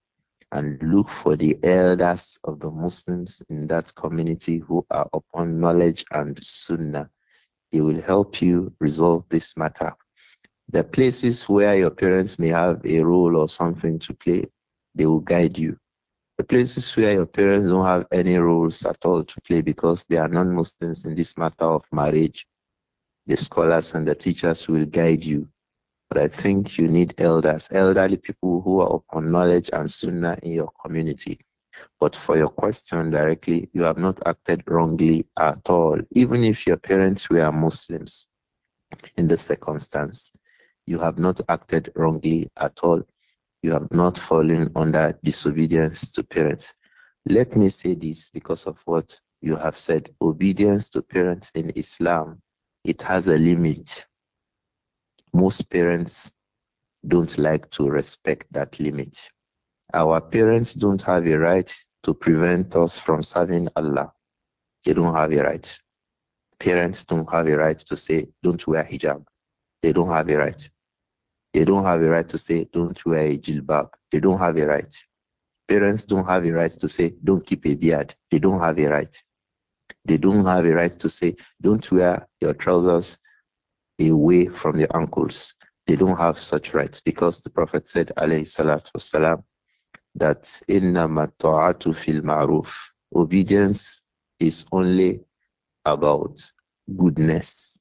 and look for the elders of the Muslims in that community who are upon knowledge and sunnah. They will help you resolve this matter. The places where your parents may have a role or something to play, they will guide you. The places where your parents don't have any roles at all to play because they are non Muslims in this matter of marriage, the scholars and the teachers will guide you but I think you need elders, elderly people who are upon knowledge and sunnah in your community. But for your question directly, you have not acted wrongly at all. Even if your parents were Muslims in the circumstance, you have not acted wrongly at all. You have not fallen under disobedience to parents. Let me say this because of what you have said. Obedience to parents in Islam, it has a limit most parents don't like to respect that limit. Our parents don't have a right to prevent us from serving Allah. They don't have a right. Parents don't have a right to say, don't wear hijab. They don't have a right. They don't have a right to say, don't wear a jilbab. They don't have a right. Parents don't have a right to say, don't keep a beard. They don't have a right. They don't have a right to say, don't wear your trousers away from their ankles. They don't have such rights because the Prophet said, alayhi salatu wasalam, that ta'atu fil ma'ruf. Obedience is only about goodness.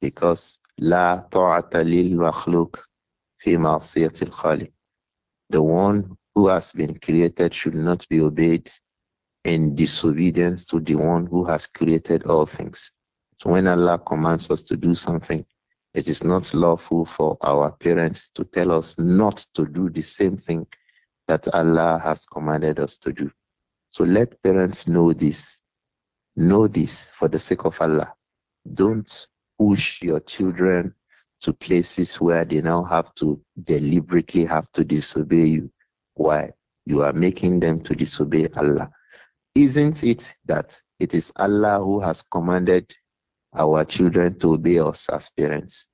Because la ta'ata lil makhluk fi ma'siyatil khaliq. The one who has been created should not be obeyed in disobedience to the one who has created all things. So when Allah commands us to do something, it is not lawful for our parents to tell us not to do the same thing that Allah has commanded us to do. So let parents know this. Know this for the sake of Allah. Don't push your children to places where they now have to deliberately have to disobey you. Why? You are making them to disobey Allah. Isn't it that it is Allah who has commanded our children to obey us as parents.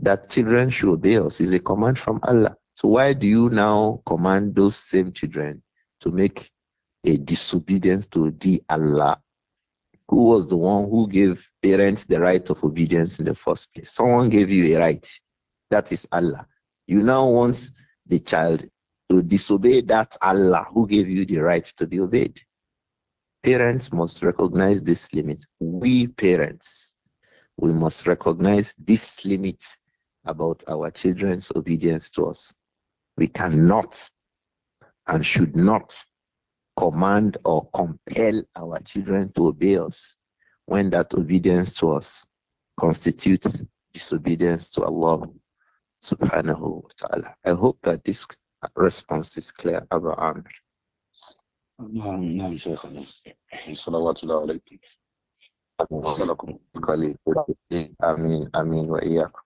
That children should obey us is a command from Allah. So why do you now command those same children to make a disobedience to the Allah? Who was the one who gave parents the right of obedience in the first place? Someone gave you a right. That is Allah. You now want the child to disobey that Allah who gave you the right to be obeyed. Parents must recognize this limit. We parents, we must recognize this limit about our children's obedience to us. We cannot and should not command or compel our children to obey us when that obedience to us constitutes disobedience to Allah subhanahu wa ta'ala. I hope that this response is clear, Abu Amr. نعم نعم صلوات الله عليكم امين امين واياكم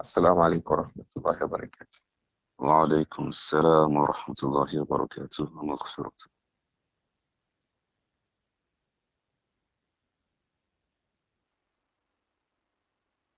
السلام عليكم ورحمه الله وبركاته وعليكم السلام ورحمه الله وبركاته ومغفرته